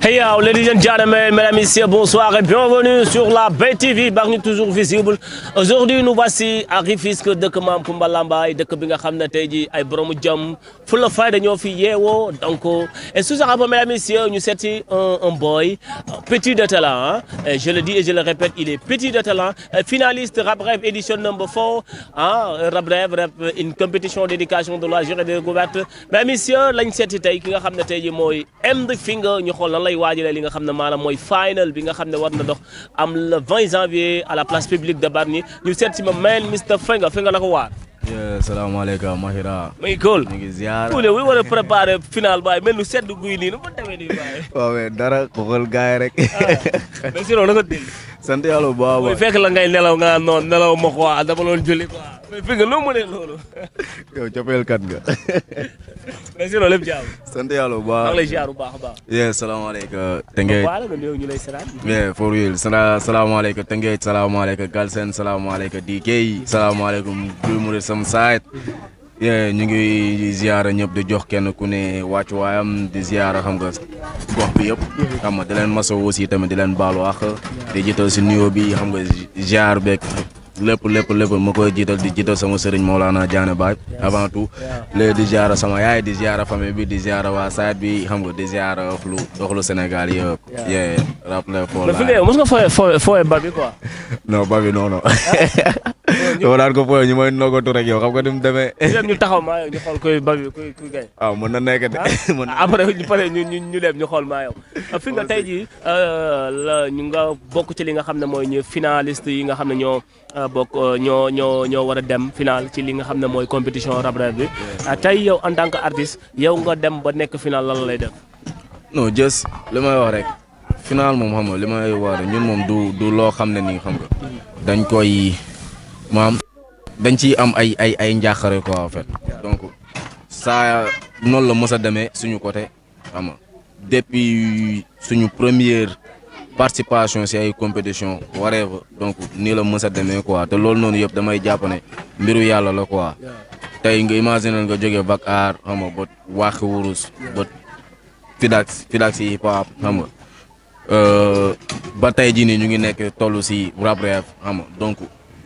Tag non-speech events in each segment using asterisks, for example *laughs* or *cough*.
Hey yo, ladies and gentlemen, mesdames, messieurs, bonsoir et bienvenue sur la BTV, Barni toujours visible. Aujourd'hui, nous voici à Rifisque de Kamam Pumbalamba et de Kabinga Khamnateji, à Jam, full of fire de Nyofi Yewo, donc. Et sous rapport, mesdames, messieurs, nous sommes un, un, boy, petit de talent, hein? je le dis et je le répète, il est petit de talent, euh, finaliste Rap Rêve Edition Number 4, hein? Rap rap, une compétition d'éducation de la gérée de Gouverte. Mesdames, messieurs, l'année qui est Kamnateji, moi, M The Finger, nous lay waajalee li nga xam ne moy final bi nga xam war na dox am le 20 janvier à la place publique de Barni ñu sét ci ma mail Mr Fenga Fenga naka waar Yeah, salaamaaleykum Mahira. muy Kool ñu ngi ziar. Koule wu mel ni sedd guy nii nu mu demee nii baay. waaw mais dara xool gars rek. Ah. mais sinon na ko dégg. sant yàlla bu baax a fekk la ngay nelaw nga noon nelaw ma quoi dama loon julli quoi mais fi nga noo mënee loolu. yow coppeel kat nga. mais sinon lépp jàmm. sant yàlla bu baax. maa ngi a baax. yeah salaamaaleykum. Tëngéej waaw waaw some side ñu ngi ziyaara ñëpp di jox kenn ku ne wàccu waayam di ziyaara xam nga gox bi yëpp xam nga di leen masawu aussi tamit di leen baalu àq di jiital si nuyoo bi xam nga ziar beeg lépp lépp lépp ma koy jiital di jiital sama sëriñ Mawlana Diané Baay avant tout léegi di ziara sama yaay di ziara famille bi di ziara waa saat bi xam nga di ziara doxlu doxlu Sénégal yee rappelé foo la. mos nga fooyee fooyee bal bi *laughs* *laughs* yow daan ko fooyoo ñu may noggatu rek yow xam nga ni *laughs* taxaw maa yow ñu xool kuy ba kuy kuy ah, nekk de. Ah? *laughs* Ah, après ñu ñu ñu ñu dem ñu xool maa yow. *laughs* fi euh, la ñu nga bokk ci li nga xam ne mooy ñu finaliste yi nga xam ne ñoo euh, bokk euh, ñoo ñoo ñoo war a dem final ci li nga xam ne mooy compétition rab rab bi tey yow en tant que artiste yow nga dem ba nekk final lan lay def. non jës li may wax rek final moom xam nga li may wax rek ñun moom du du loo xam ne nii xam mm-hmm. dañ koy. maam dañ ci am ay ay ay njaaxare quoi en fait donc saa noonu la mës a demee suñu côté xam depuis suñu première participation si ay compétition wareeva donc nii la mës a demee quoi te loolu noonu yëpp damay jàpp ne mbiru yàlla la quoi tey nga imaginer nga jógee bac aar xam nga ba waaxi wurus ba fidax euh, ba tey jii nii ñu ngi nekk toll si rap rev xam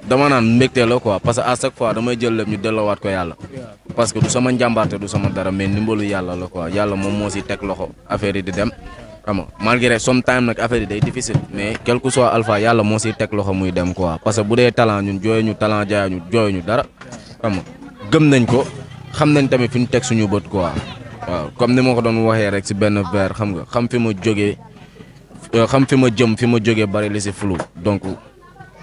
dama naan mbégte la quoi parce que à chaque fois damay jël lépp ñu delloowaat ko yàlla parce que du sama njàmbaarte du sama dara mais ndimbalu yàlla la quoi yàlla moom moo si teg loxo affaire yi di dem xam nga malgré sometime nag affaire yi day difficile mais quel que soit alpha yàlla moo siy teg loxo muy dem quoi parce que bu dee talent ñun jooyu ñu talent jaay ñu jooyu ñu dara xam gëm nañ ko xam nañ tamit fi ñu teg suñu bët quoi waaw comme ni ma ko doon waxee rek si benn verre xam xam fi ma jógee xam fi ma jëm fi ma jógee bari li si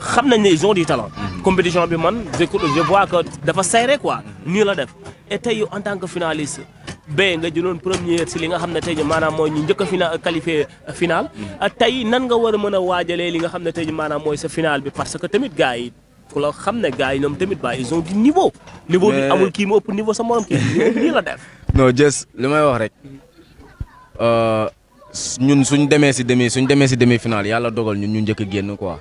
xam nañ ne ils ont du talent. Mhm. compétition bi man je je vois que dafa serré quoi nii la def et tey en tant que finaliste. ba nga jëloon premier si li nga xam ne tey jii maanaam mooy ñu njëkk a euh, euh, final qualifié mhm. euh, final. tey nan nga war a mën a waajalee li nga xam ne tey jii maanaam mooy sa final bi parce que tamit gars yi ku la xam ne gars yi ñoom tamit ba ils ont du niveau. niveau bi amul kii mu ëpp niveau sa morom kii nii la def. *laughs* non jës li may wax rek ñun suñ demee si demee suñ demee si demee final yàlla dogal ñun ñu njëkk génn ko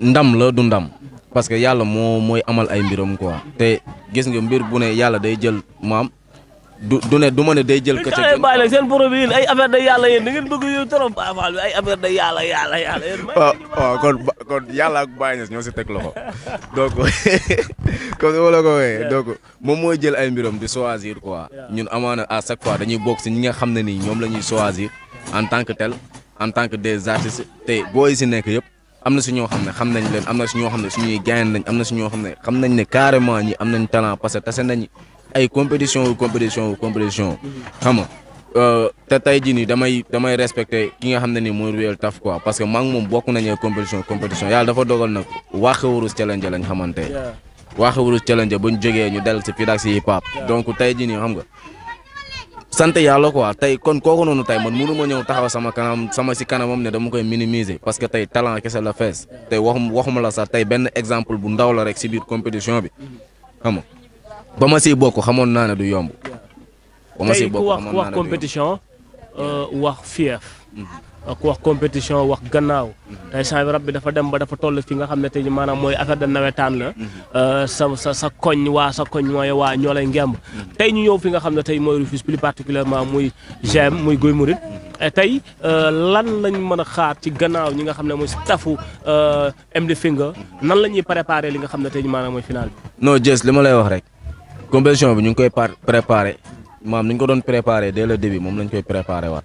ndam la du ndam parce que yàlla moo mooy amal ay mbiram quoi te gis nga mbir bu ne yàlla day jël maam du du ne du ma ne day jël. këcc ak yéen seen borom yi ay affaire day yàlla yéen da ngeen bëgg yow trop ah, Baay ay affaire day yàlla yàlla yàlla yéen. waaw waaw ah, ah, kon kon yàlla ak Baay Ñas ñoo si teg loxo donc *laughs* comme wala ko waxee donc moom mooy jël ay mbiram di choisir quoi ñun amaana à chaque fois dañuy bokk si ñi nga xam ne nii ñoom la ñuy choisir en tant que tel en tant que des artistes te booy si nekk yëpp. am na si ñoo xam ne xam nañ leen am si ñoo xam ne suñuy am na si ñoo xam ne xam nañ ne carrément ñi am nañ talent parce que tase nañ ay compétition wu compétition wu compétition mm-hmm. xam nga euh, te tey jii nii damay damay respecté ki nga xam ne ni mooy Ruel Taf quoi parce que maa moom bokk nañu compétition compétition yàlla dafa dogal nag waaxe wurus challenge lañ xamante waaxe wurus challenge ba ñu jógee ñu dal si fidak si hip hop donc tey jii xam nga sant yàlla quoi tey kon kooku noonu tey man mënu ma ñëw taxaw sama kanam sama si kanamam ne dama koy minimiser parce que tey talent kese la fees tey waxum waxuma la sax tey benn exemple bu ndaw la rek si biir compétition bi xam nga ba ma bokk xamoon naa ne du yomb. ba ma siy bokk xamoon naa ne du yomb tey ku wax wax compétition euh, wax fief. Mhm. ak wax compétition wax gannaaw tey mhm. saa rab bi dafa dem ba dafa toll fi nga xam ne tey maanaam mooy affaire de nawetaan la mhm. euh, sa sa sa koñ waa sa koñ mooy waa ñoo lay ngemb mhm. tey ñu ñëw fi nga xam ne tey mooy Rufisque plus particulièrement muy GM muy Guy Mouride tey euh, lan lañu mën a xaar ci gannaaw ñi nga xam ne mooy si staffu euh, MD Finger nan la ñuy préparer li nga xam ne tey maanaam mooy final bi non Jess li ma lay wax rek compétition bi ñu ngi koy préparé maam ni ko doon préparé dès le début moom lañ koy préparé waat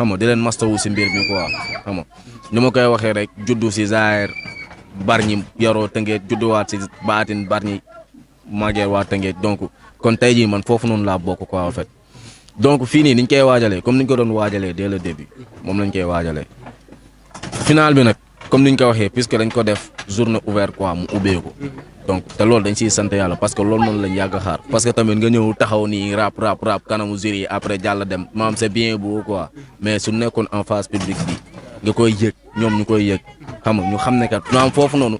xam nga di leen mastawu si mbir mi quoi xam nga ñu ma koy waxee rek juddu si zaahir barñi yaroo juddu waat si baatin barñi màggee waa tëngeet donc kon tey jii man foofu noonu laa bokk quoi en fait donc fii nii niñ koy waajalee comme niñ ko doon waajalee dès le début moom lañ koy waajalee final bi nag comme niñ ko waxee puisque dañ ko def journée ouverte quoi mu ubbeeku donc te lool dañ siy sant yàlla parce que loolu noonu lañ yàgg xaar parce que tamit nga ñëw taxaw nii rap rap kanamu jury après jàll dem maam c'est bien beau quoi mais su nekkoon en face publique bi nga koy yëg ñoom ñu koy yëg xam nga xam ne kat maam foofu noonu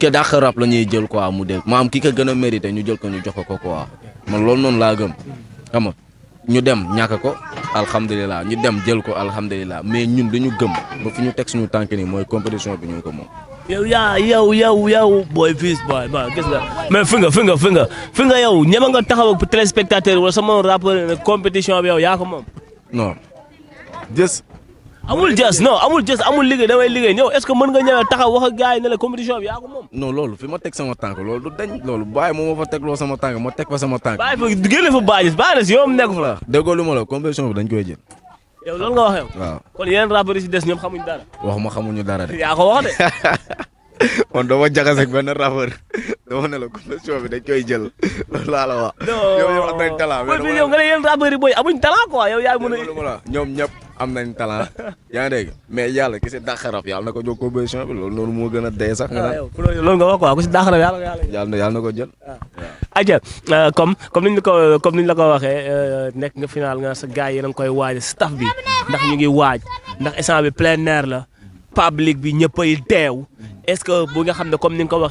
ke la ñuy jël quoi mu dégg maam ki ko gën a mérité ñu jël ko ñu jox ko quoi man loolu noonu laa gëm xam ñu dem ñàkk ko alhamdulilah ñu dem jël ko alhamdulilah mais ñun dañu gëm ba fi ñu teg suñu tànk nii mooy compétition bi ñu ko moom. yow yaa yow yow yow booy fils booy waaw gis nga mais fi nga fi nga fi nga nga yow ñema nga taxaw ak téléspectateur wala sama rappeur ne compétition bi yow yaa ko moom. non jës. amul jës non amul jës amul liggéey damay liggéey ñëw est-ce que mën nga ñëw taxaw wax ak gars yi ne la compétition bi moom. non loolu fi ma teg sama tànk loolu du dañ. loolu bàyyi moo ma fa tegloo sama ma teg fa sama tànk. bàyyi fa génne fa bàyyi bàyyi na nekk fa. déggoo lu ma la compétition bi dañ koy jël. yow loolu nga wax yow. waaw kon yeneen rappeurs yi si des ñoom xamuñ dara. waxuma xamuñu dara de. *laughs* yaa ko wax de. man *laughs* doo ma jaxase ak benn rappeur dama ne la condition bi dañ koy jël *laughs* loolu laa la wax. yow yow am nañ talent. bi yow nga ne yeneen rappeurs yi booy amuñ talent quoi yow yaa mën a. ñoom ñëpp. am nañ talent yaa ngi dégg mais yàlla ki si dàqaraf yàlla na ko jóg compétition bi loolu noonu moo gën a dee sax. waaw ah, loolu nga wax quoi ku si dàqaraf yàlla na ko jël. aja ah. euh, comme comme ni la ko comme niñ la ko waxee euh, nekk nga final nga sa gars yi yéen a ngi koy waaj staff bi ndax ñu ngi waaj ndax instant bi plein air la. public bi ñeppay tew est ce que bu nga xamne comme ni nga ko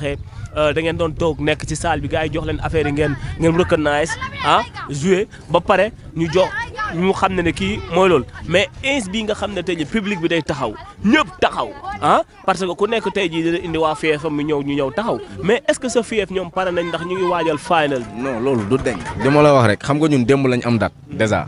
euh da ngeen don tok nek ci salle bi gaay jox leen affaire ngeen ngeen recognize ah jouer ba paré ñu jox ñu xamne ne ki moy lool mais ins bi nga xamne tay public bi day taxaw ñepp taxaw ah parce que ku nek tay ji dina indi wa fief mi ñew ñu ñew taxaw mais est ce que ce fief ñom paré nañ ndax ñu ngi wajal final non lool du deng dama la wax rek xam nga ñun demb lañ am date déjà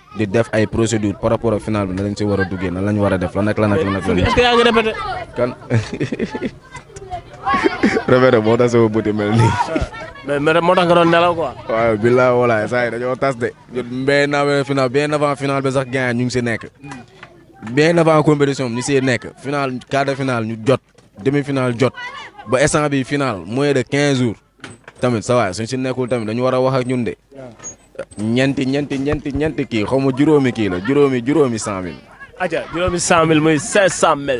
di def ay procédure par rapport a final bi na a duggee na war a def lan ak lan ak lan ak. est-ce que yaa ngi répété. kan. moo tax mais mais moo tax nga doon nelaw quoi. waaw billaay walaay saa yi dañoo tas de. ñun mbéy nawet final bi sax gaañ ñu ngi si nekk. bien avant compétition bi ñu nekk final quart de ñu jot demi finale jot ba instant bi final moins de quinze jours tamit sa waay suñ si nekkul tamit dañu war a wax ak ñun de. ñeenti ñeenti ñeenti ñeenti kii xaw ma juróomi kii la juróomi juróomi cent mille. aja juróomi cent mille muy cinq cent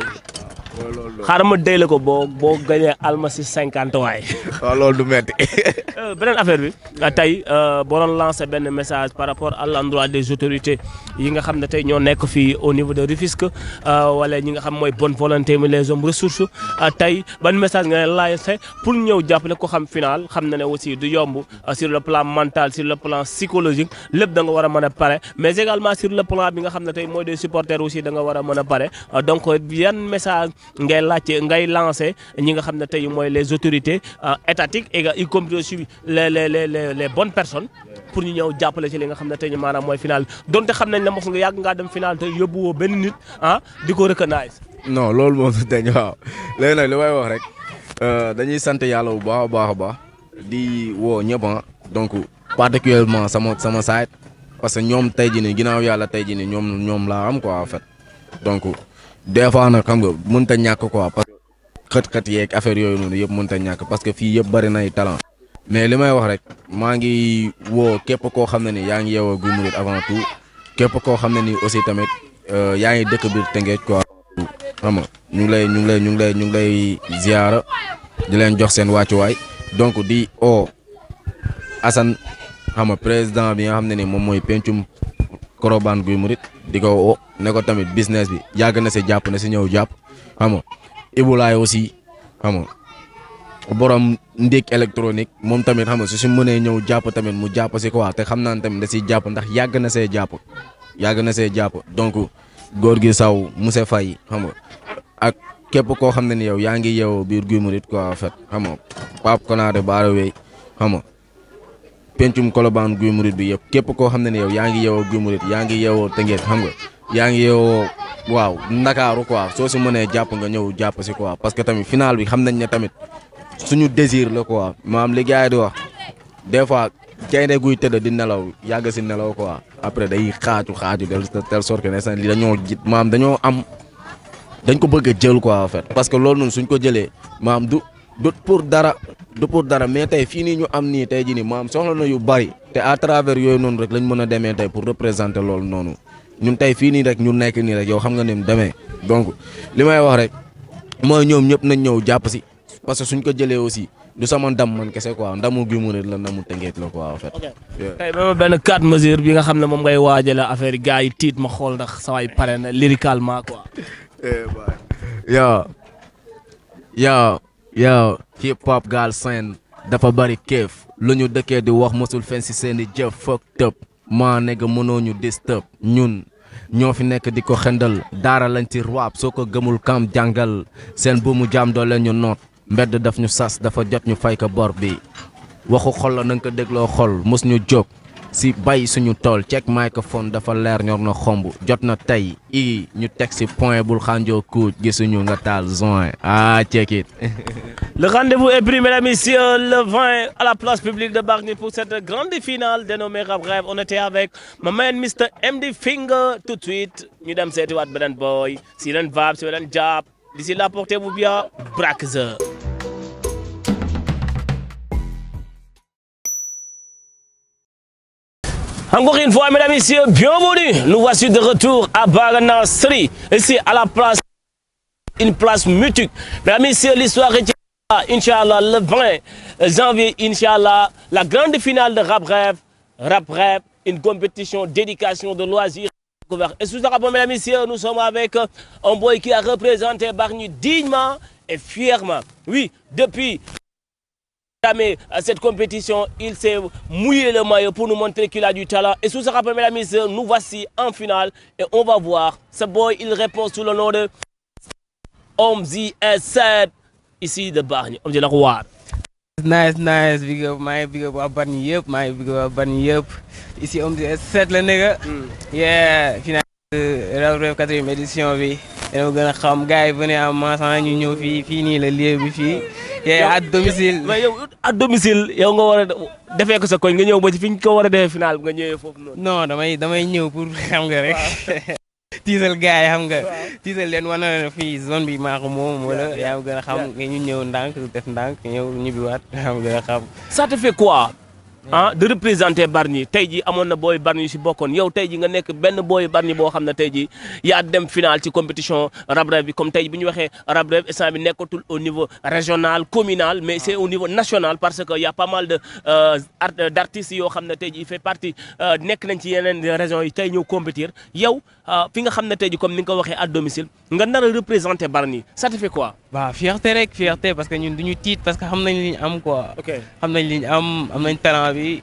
xaaral deyla ko bo bo gañee almasi cinquante waay. *laughs* waaw lolou du metti. *laughs* Eh, benen affaire bi ah, tey euh, bo don lancer ben message par rapport à l'endroit des autorités yi nga xamné tay ño nek fi au niveau de Rufisque euh, wala ñi nga xam moy bonne volonté mais les hommes ressources euh, tay Ben message nga leen lancé pour ñëw jàppale ko xam final xamné na aussi du yomb sur le plan mental sur le plan psychologique lepp da nga wara mëna paré pare mais également sur le plan bi nga xamné tay moy des supporters aussi da nga wara mëna paré pare donc yan message ngay laajte ngay lancer ñi nga xamne tay moy les autorités euh, étatiques et y compris aussi les les les les bonnes personnes pour ñu ñew jappalé ci li nga xamne tay tey manam moy final donte xam nañ ne mos nga yag nga dem final te wo ben nit hein ah, diko recognize. non loolu mo su dañ waaw léegi nag li way wax rek euh dañuy sant yalla bu baax a baax baax di wo ñëpp ah. donc particulièrement sama sama site parce que ñom tay jii nii ginnaaw yàlla tey jii nii ñoom ñoom laa am quoi en fait donc. des fois nag xam nga mënut a ñàkk quoi parce que xët-xët yeeg affaire yooyu noonu yëpp mënut a ñàkk parce que fii yëpp bari nay talent. mais li may wax rek maa ngi woo képp koo xam ne ni yaa ngi yeewoo Guy Mouride avant tout képp koo xam ne ni aussi tamit euh, yaa ngi dëkk biir Tëngéej quoi. xam nga ñu ngi lay ñu ngi lay ñu ngi lay ñu ngi lay ziyaara di leen jox seen wàccuwaay donc di o Assane xam président bi nga xam ne ni moom mooy pencum Korobaan guy murit di ko o ne ko tamit business bi yàgg na si jàpp na si ñëw jàpp xam nga Ibulaay aussi xam borom ndékk électronique moom tamit xam nga si si mënee ñëw jàpp tamit mu jàpp si waa te xam naa tamit da siy jàpp ndax yàgg na see jàpp yàgg na see jàpp donk góor gi saw Moussa Faye xam nga ak képp koo xam ne ni yow yaa ngi yeewoo biir guy mu quoi en fait xam nga Pape Konaté Baara Wéy pencum kolobaan guy murit bi yëpp képp koo xam ne ne yow yaa ngi yeewoo guy murit yaa ngi yeewoo tëngeet xam nga yaa ngi yeewoo waaw ndakaaru quoi soo si mënee jàpp nga ñëw jàpp si quoi parce que tamit final bi xam nañ ne tamit suñu désir la quoi maam li gars di wax des fois gaynde guy tëdd di nelaw yàgg si nelaw quoi après day xaaju xaaju de telle sorte que ne sa li dañoo jit maam dañoo am dañ ko bëgg a jël quoi en fait parce que loolu noonu suñ ko jëlee maam du pour dara du pour dara mais tey fii nii ñu am nii tey jii nii maam soxla na yu bari te à travers yooyu noonu rek lañ mën a demee tey pour représenter loolu noonu ñun tey fii nii rek ñu nekk nii rek yow xam nga ni demee donc li may wax rek mooy ñoom ñëpp nañ ñëw jàpp si parce que suñ ko jëlee aussi du sama ndam man kese ko ndamu mu Mouride la ndamu Tëngéej la quoi en fait. tey ba benn quatre mesures bi nga xam ne moom ngay waajale affaire gaa yi tiit ma xool ndax saa waay pare na lyricalement quoi. Eh, yaa yaa. yow hip hop Galsen dafa bari kéef lu ñu dëkkee di wax mosul fen si seen i jëf fëk tëb maa nega mënoo ñu disturb ñun ñoo fi nekk di ko xëndal daara lañ ci ruwaab soo ko gëmul kam jàngal seen buumu jaam doole ñu noot mbedd daf ñu sas dafa jot ñu fay ko bor bi waxu xol la na ko dégloo xol mos ñu jóg si bàyyi suñu tool le microphone dafa leer ñor na xomb jot na tey i ñu teg si point bul xànjoo kuuj gisuñu nga taal zon ah check it *laughs* Le rendez-vous est pris, mesdames et messieurs, le 20 à la place publique de Barney pour cette grande finale dénommée Rap Rêve. On était avec ma main, Mr. MD Finger tout de suite. Nous sommes 7 Benen Boy, Siren Vab, Siren Jab. D'ici là, portez-vous bien, Braxer. Encore une fois, mesdames, et messieurs, bienvenue. Nous voici de retour à Baranastri, ici à la place, une place mutique. Mesdames, et messieurs, l'histoire est Inch'Allah, le 20 janvier, Inch'Allah, la grande finale de Rap Rêve, Rap Rêve, une compétition d'éducation, de loisirs. Et sous rapport, mesdames et messieurs, nous sommes avec euh, un boy qui a représenté Barni dignement et fièrement. Oui, depuis Jamais à cette compétition, il s'est mouillé le maillot pour nous montrer qu'il a du talent. Et sous sa première mise, nous voici en finale et on va voir. Ce boy, il répond sous le nom de Omzi S7, ici de Bargne, Omzi la roi. Nice, nice, big up, my big up, barney up my big up, barney up Ici Omzi S7, le nègre. Yeah, finale la 4ème édition, oui. Et nous, gars, venez à moi, nous, nous, fini, le lieu, fini. yee à domicile mais yow à domicile yow nga war a defee ko sa koñ nga ñëw ba ci fi ñu ko war a defee final nga ñëwee foofu noonu. non damay damay ñëw pour *laughs* xam nga rek. *laughs* tiisal gars yi xam nga. tiisal leen wane na fii zone bi maa moom wala yaa gën a xam nga ñu ñëw ndànk def ndànk ñëw ñibbiwaat *laughs* yaa gën a xam. ça te fait ah de représenter Barni. Tayji amone boy na ci bokone yow tayji nga nek ben boy Bargny bo xam tayji ya dem final ci compétition Rap Rêve bi comme tayji bu waxé waxee Rap Rêve bi nekkatul au niveau régional communal mais c'est au niveau national parce que y a pas mal de euh, art euh, d' artistes yoo xam fait partie euh, nek nañ ci yenen région yi tay ñëw compétir yow fi nga xam tayji comme ni nga waxé à domicile nga nar représenter Barni. ça te fait quoi. Bah, fierté rek fierté parce que ñun duñu tiit parce que xam nañ am quoi. ok xam nañ am am talent bi.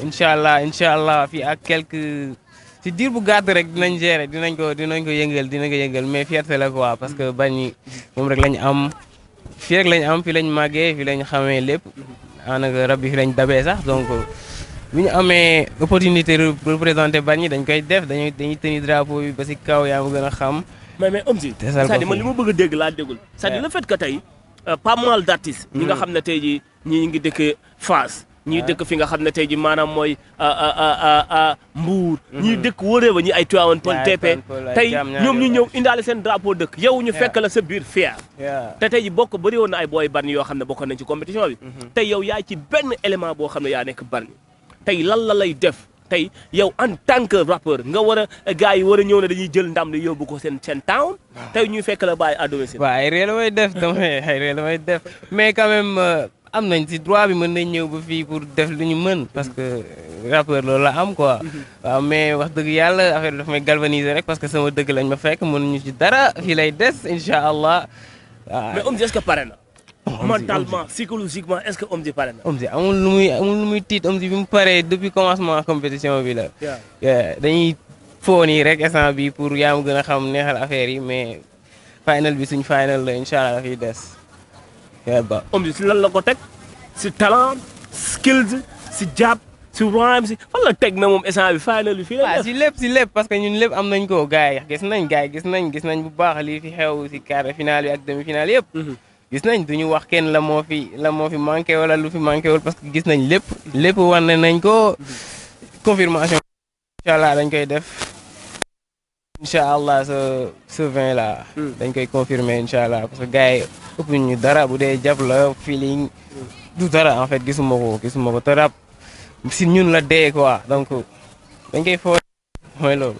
incha allah incha allah ak quelques si dir bu gàtt rek dinañ gérer dinañ ko dinañ ko yëngal dinañ ko yëngal mais fierté la quoi parce que bañ moom rek lañ am fii rek lañ am fi lañ màggee fi lañ xamee lépp. daanaka rab fi lañ dabee sax donc bu ñu amee opportunité représenté bañ dañ koy def dañuy dañuy tenir drapeau bi ba si kaw yaa ma gën xam. mais mais Omzi c'est-à-dire man ma bëgg a dégg laa déggul c'est-à-dire le fait tey euh, pas mal d'artistes ñi nga xam ne tey jii ñii ngi dëkk Fass ñii dëkk fi nga xam ne tey jii maanaam mooy euh, euh, Mbour mhm. ñii dëkk wëree ba ñi ay Tivaouane Peulh TP tey ñoom ñu ñëw indaale seen drapeau dëkk yow ñu fekk la sa biir fier te tey ji bokk bëri woon ay booy Bargny yoo xam ne bokkoon nañ ci compétition bi mhm. tey yow yaay ci benn élément boo xam ne yaa ne nekk Bargny tey lan la lay def tey yow en tant que rappeur nga war a gars yi war a ñëw ne dañuy jël ndam li yóbbu ko seen seen town. tey ñuy fekk la bàyyi à domicile. waaw ay réew la may def damay ay réew may def mais quand euh, am nañ ci droit bi mën nañ ñëw ba fii pour def lu ñu mën parce que rappeur loolu la am quoi. Mhm. waaw mais wax dëgg yàlla affaire daf may galvaniser rek parce que sama dëgg lañ ma fekk ñu ci dara fii lay des incha allah. mais Omzi est pare na. mentalement psychologiquement est-ce que Omzi pare na. Omzi amul lu muy amul lu muy tiit Omzi bi mu paree depuis commencement compétition bi la. dañuy fóon yi rek instant bi pour yaa ma gën a xam neexal affaire yi mais final bi suñ final la incha allah dafay si lan la ko teg si talent skills si jàpp. si rhyme si fan na moom essence bi final bi fii si lépp si lépp parce que ñun lépp am nañ ko gars yi gis nañ gars gis nañ gis nañ bu baax li fi xew si quart de finale bi ak demi finale yëpp. Mm-hmm. gis nañ wax la moo la moo fi parce que gis nañ lépp lépp nañ ko confirmation incha allah dañ koy def ce vin là hmm. dañ koy confirmer parce que gars yi dara la feeling du dara en fait gisuma ko gisuma ko si ñun la dee quoi donc dañ koy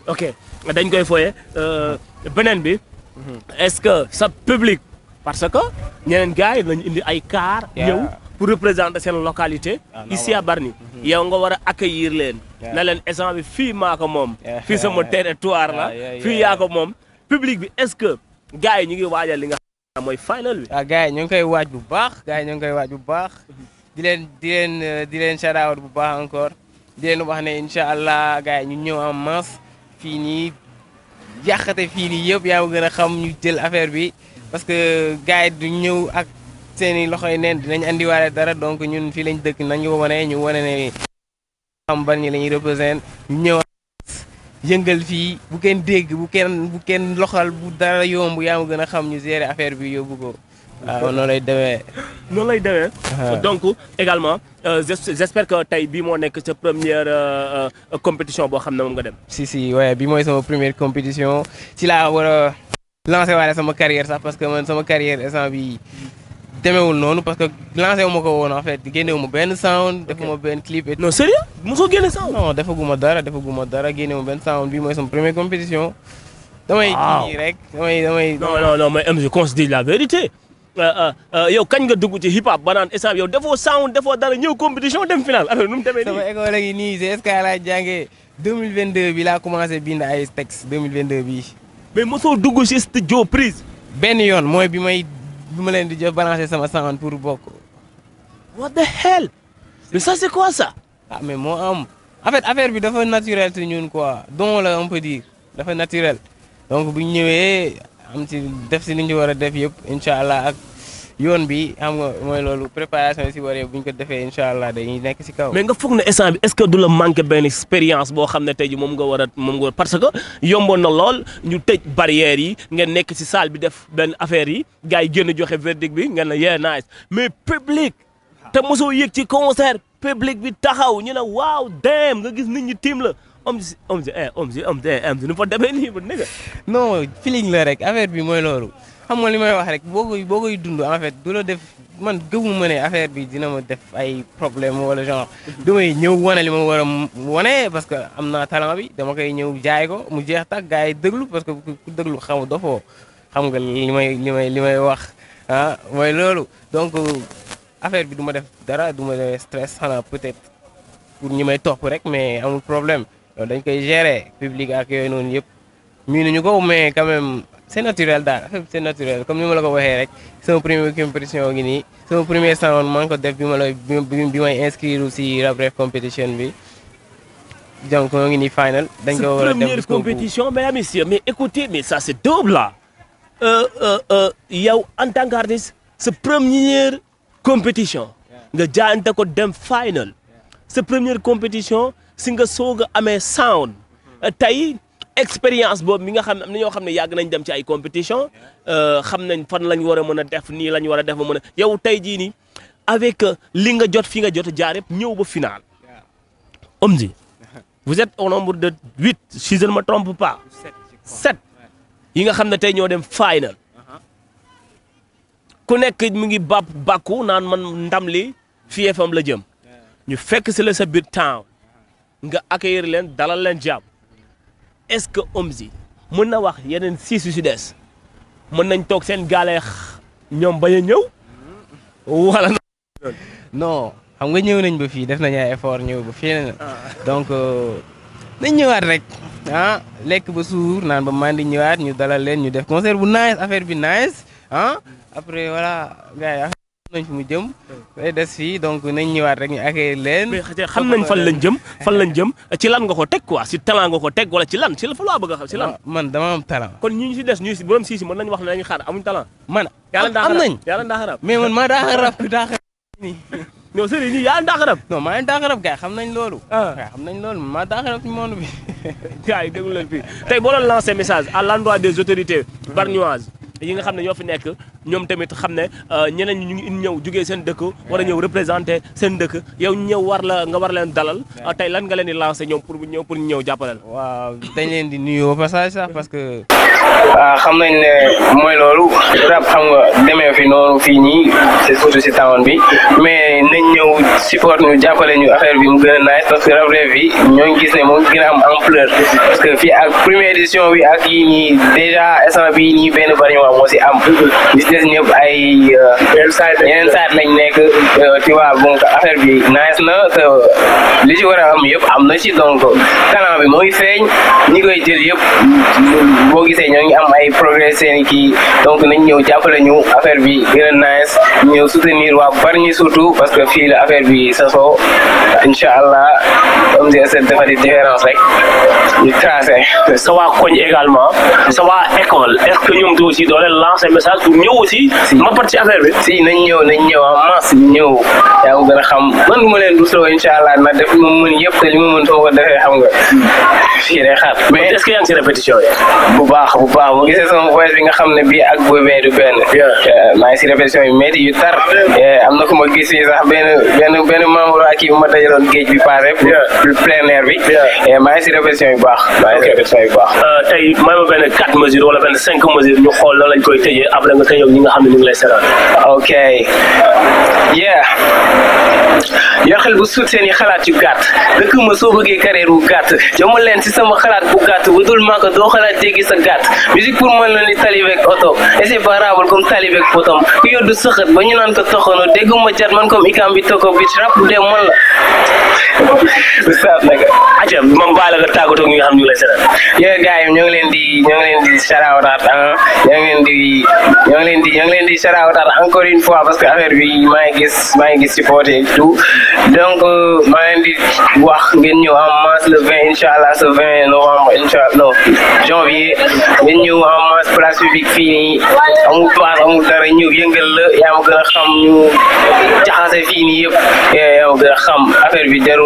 ok dañ koy euh, beneen bi mhm. est-ce que ça public parce que ñeneen gars yi nañ indi ay car ñëw pour représenter seen localité ah, ici à Bargny mm-hmm. yow nga war a accueillir leen na leen essence bi fii maa moom fii sama *laughs* territoire la fii yaa moom public bi est-ce que gars yi ñu ngi waajal li nga xam mooy final bi waaw ah, gars yi ñu ngi koy waaj bu baax gars yi ñu ngi koy waaj bu baax mm-hmm. di leen di leen di leen shadaawat bu baax encore wax ne incha allah gars ñu ñëw en masse fii nii yàqate fii nii yëpp yaa ngi gën a xam ñu jël affaire bi parce que gars du ñëw ak seeni loxo yi neen dinañ indiwaale dara donc ñun fii lañ dëkk nañu wane ñu wane ne xam ban ñi ñu ñëw yëngal fii bu kenn dégg bu kenn bu kenn loxal bu dara yomb yaa ma gën a xam ñu gérer affaire bi yóbbu ko. waaw noonu lay demee. noonu lay demee. Ah. donc également euh, j'espère que tey bii moo nekk sa première euh, euh, compétition boo xam ne moom nga dem. si si waaye bi mooy sama première compétition si laa war lancé waale carrière ça parce que man sama carrière est bi demewul non parce que lancé wu ma ko en fait génnewu ma ben sound. defu ma ben clip et. non sérieux mosoo génne sound. non defaguma dara defaguma dara génnewu ma ben sound bi mooy son première compétition. damay kii rek damay damay. non non non mais MJ qu'on se dise la vérité. Euh, euh, euh, yo kañ nga dugg ci hip hop banane naan instant yo defo sound defo dara ñëw compétition dem final alors nu démé ni sama école gi nii c'est ce jangé 2022 bi la commencé bind ay textes 2022 bi mais mosoo dugg juste joo prise. benn yoon mooy bi may bi ma leen di jëf balancer sama sangoon pour bokk. what the hell. mais ça c'est quoi ça. ah mais moo am en fait affaire bi dafa naturel te ñun quoi don la on peut dire dafa naturel donc bu ñëwee am ci def si li ñu war a def yëpp incha allah ak. yoon bi xam nga mooy loolu préparation yi si waree bu ñu ko defee incha allah dañuy nekk si kaw. mais nga foog ne instant bi est ce du la manqué benn expérience boo xam ne tey ji moom nga war a moom nga parce que yomboon na lool ñu tëj barrières yi nga nekk si salle bi def benn affaire yi gars yi génn joxe verdict bi nga ne yeah nice mais public. te mosoo yëg ci concert public bi taxaw ñu ne waaw dem nga gis nit ñi tiim la. om si om eh om eh, si nu fa demee nii ba nekk. non feeling la rek affaire bi mooy loolu. xam nga li may wax rek boo koy boo koy dund en fait du la def man gëmuma ne affaire bi dina ma def ay problème wala genre damay ñëw wane li ma war a wane parce que am naa talent bi dama koy ñëw jaay ko mu jeex tag gars yi déglu parce que ku déglu xam dofoo xam nga li may li may li may wax ah mooy loolu donc affaire bi du ma def dara du ma def stress xanaa peut-être pour ñi may topp rek mais amul problème dañ koy gérer public ak yooyu noonu yëpp mi ñu ko mais quand même c'est naturel daal *laughs* c'est naturel comme ni ma la ko waxee rek sama première compétition gi nii sama premier salon maa ngi ko def bi ma la bi may inscrire si compétition bi donc moo ngi nii final. dañ ko war a def première compétition mais messieurs mais écoutez mais ça c'est double là. Euh, euh, euh, yow en tant qu'artiste sa première compétition. nga jaante ko dem final. sa première compétition si nga soog amee sound. tey. expérience boobu mi nga xam am na ñoo xam ne yàgg nañ dem ci ay compétition euh, xam nañ fan lañ war a mën a def nii lañ war a def ba mën a yow tey ji ni avec euh, li nga jot fii nga jot a jaar ñëw ba final. Omzi vous êtes au de huit si ma ne me trompe pas sept yi nga xam ne tey ñoo dem final ku nekk mu ngi bap bàkku naan man ndam li fii FM la jëm ñu fekk si la sa biir temps nga accueillir leen dalal leen jàmm. est-ce que Omzi, mën na wax yeneen six yu si des mën nañ toog seen gaale ñoom on a ñëw wala. non xam nga ñëw nañ ba fii def nañ ay effort ñëw ba fii nañ donc euh, nañ ñëwaat rek ah lekk ba suur naan ba mandi ñëwaat ñu dalal leen ñu def concert bu nice affaire bi nice hein? après voilà gars fi mu jëm day des fii donc nañ ñëwaat rek ñu accueillir leen xam nañ fan lañ jëm fan lañ jëm ci lan nga ko teg quoi la fa laa a xam si lan ah, man dama am talent kon ñi ñu si des ñu si borom sii si mën nañ wax ne dañu xaar amuñ talent man am nañ yàlla daaxa rab mais man maa daaxa rab daaxa nii *laughs* non sëriñ ñi yaa daaxa rab non maa daaxa rab gars xam nañ loolu ah. gars xam nañ loolu maa daaxa rab ci bi *laughs* gars yi déglu leen fii tey boo doon lancé message à yi nga xam ne ñoo fi nekk ñoom tamit xam ne euh, ñeneen ñu ngi ñëw jugee seen dëkk war a ñëw représenté seen dëkk yow ñëw war la nga war leen dalal euh, tey lan nga leen di lancé ñoom pour ñëw pour ñu ñëw jàppale waaw dañ leen di nuyu au passage sax parce que ah, xam nañ ne mooy loolu rap xam nga demee fi noonu fii ñii surtout si tawan bi mais ngeen ñëw support ñu jàppale ñu affaire bi mu gën a nice parce que bi ñoo ngi gis ne moom gën a am ampleur parce que fii ak première édition bi ak yii nii déjà instant bii nii benn variété moo si am li si des ñëpp ay euh, yeneen saat nañ nekk euh, tu vois donc affaire bi nice na li si war a am yëpp am na ci donc talent bi mooy feeñ ñi koy jël yëpp boo gisee ñoo ngi am ay progrès seen kii donc nañ ñëw jàppale ñu affaire bi gën a nice ñëw soutenir waa Bargny surtout parce fii la affaire bi sasoo incha allah comme si essayer de faire des différences rek ñu tracé sa waa koñ également sa waa école est ce que ñoom aussi doo leen lancer message pour ñëw aussi mbapat ci affaire bi si nañ ñëw nañ ñëw en masse ñëw yaa ko gën a xam man du ma leen rusloo insha allah na def ma mën yëpp te li ma mën soo ko defee xam nga fii day xaar mais est ce que yaa ngi si répétition yi bu baax bu baax bu gisee sama voice bi nga xam ne bii ak boobee du benn maa ngi si répétition yu métti yu tar am na ku ma gis sax benn benn benn membre ak kii bu ma dajaloon géej bi passé plein air bi. maa ngi si réflexion yu baax. maa ngi si réflexion yu baax. Euh, tey may ma benn quatre mesures wala benn cinq mesures ñu xool lan lañ koy tëjee après nga tëjee bu suut seen xalaat yu gàtt ma soo bëggee carrière bu gàtt jëmal leen si sama xalaat bu gàtt bu dul màgg doo xalaat jéggi sa gàtt musique pour man la ni talibeeg oto et c'est comme talibeeg potom ku yoddu sëxët ba ñu naan ko toxono dégguma jat man comme ikam bi toko bi rap de man la oustaz nag aca mam baala nga tàggatoo ñu xam ñu lay seetaan yéen gars yi ñoo ngi leen di ñoo ngi leen di sarawataat ah, ñoo ngi leen di ñoo ngi di ñoo ngi leen di fois parce que affaire bi maa ngi gis maa ngi gis ci foote et tout donc euh, maa ngi wax ngeen ñëw en masse le 20 incha allah ce 20 novembre incha allah janvier ngeen ñëw en masse place publique fii nii amul dara ñëw yëngal la yaa ma gën a xam ñu jaxase fii nii yëpp yaa ma gën a xam affaire bi jarul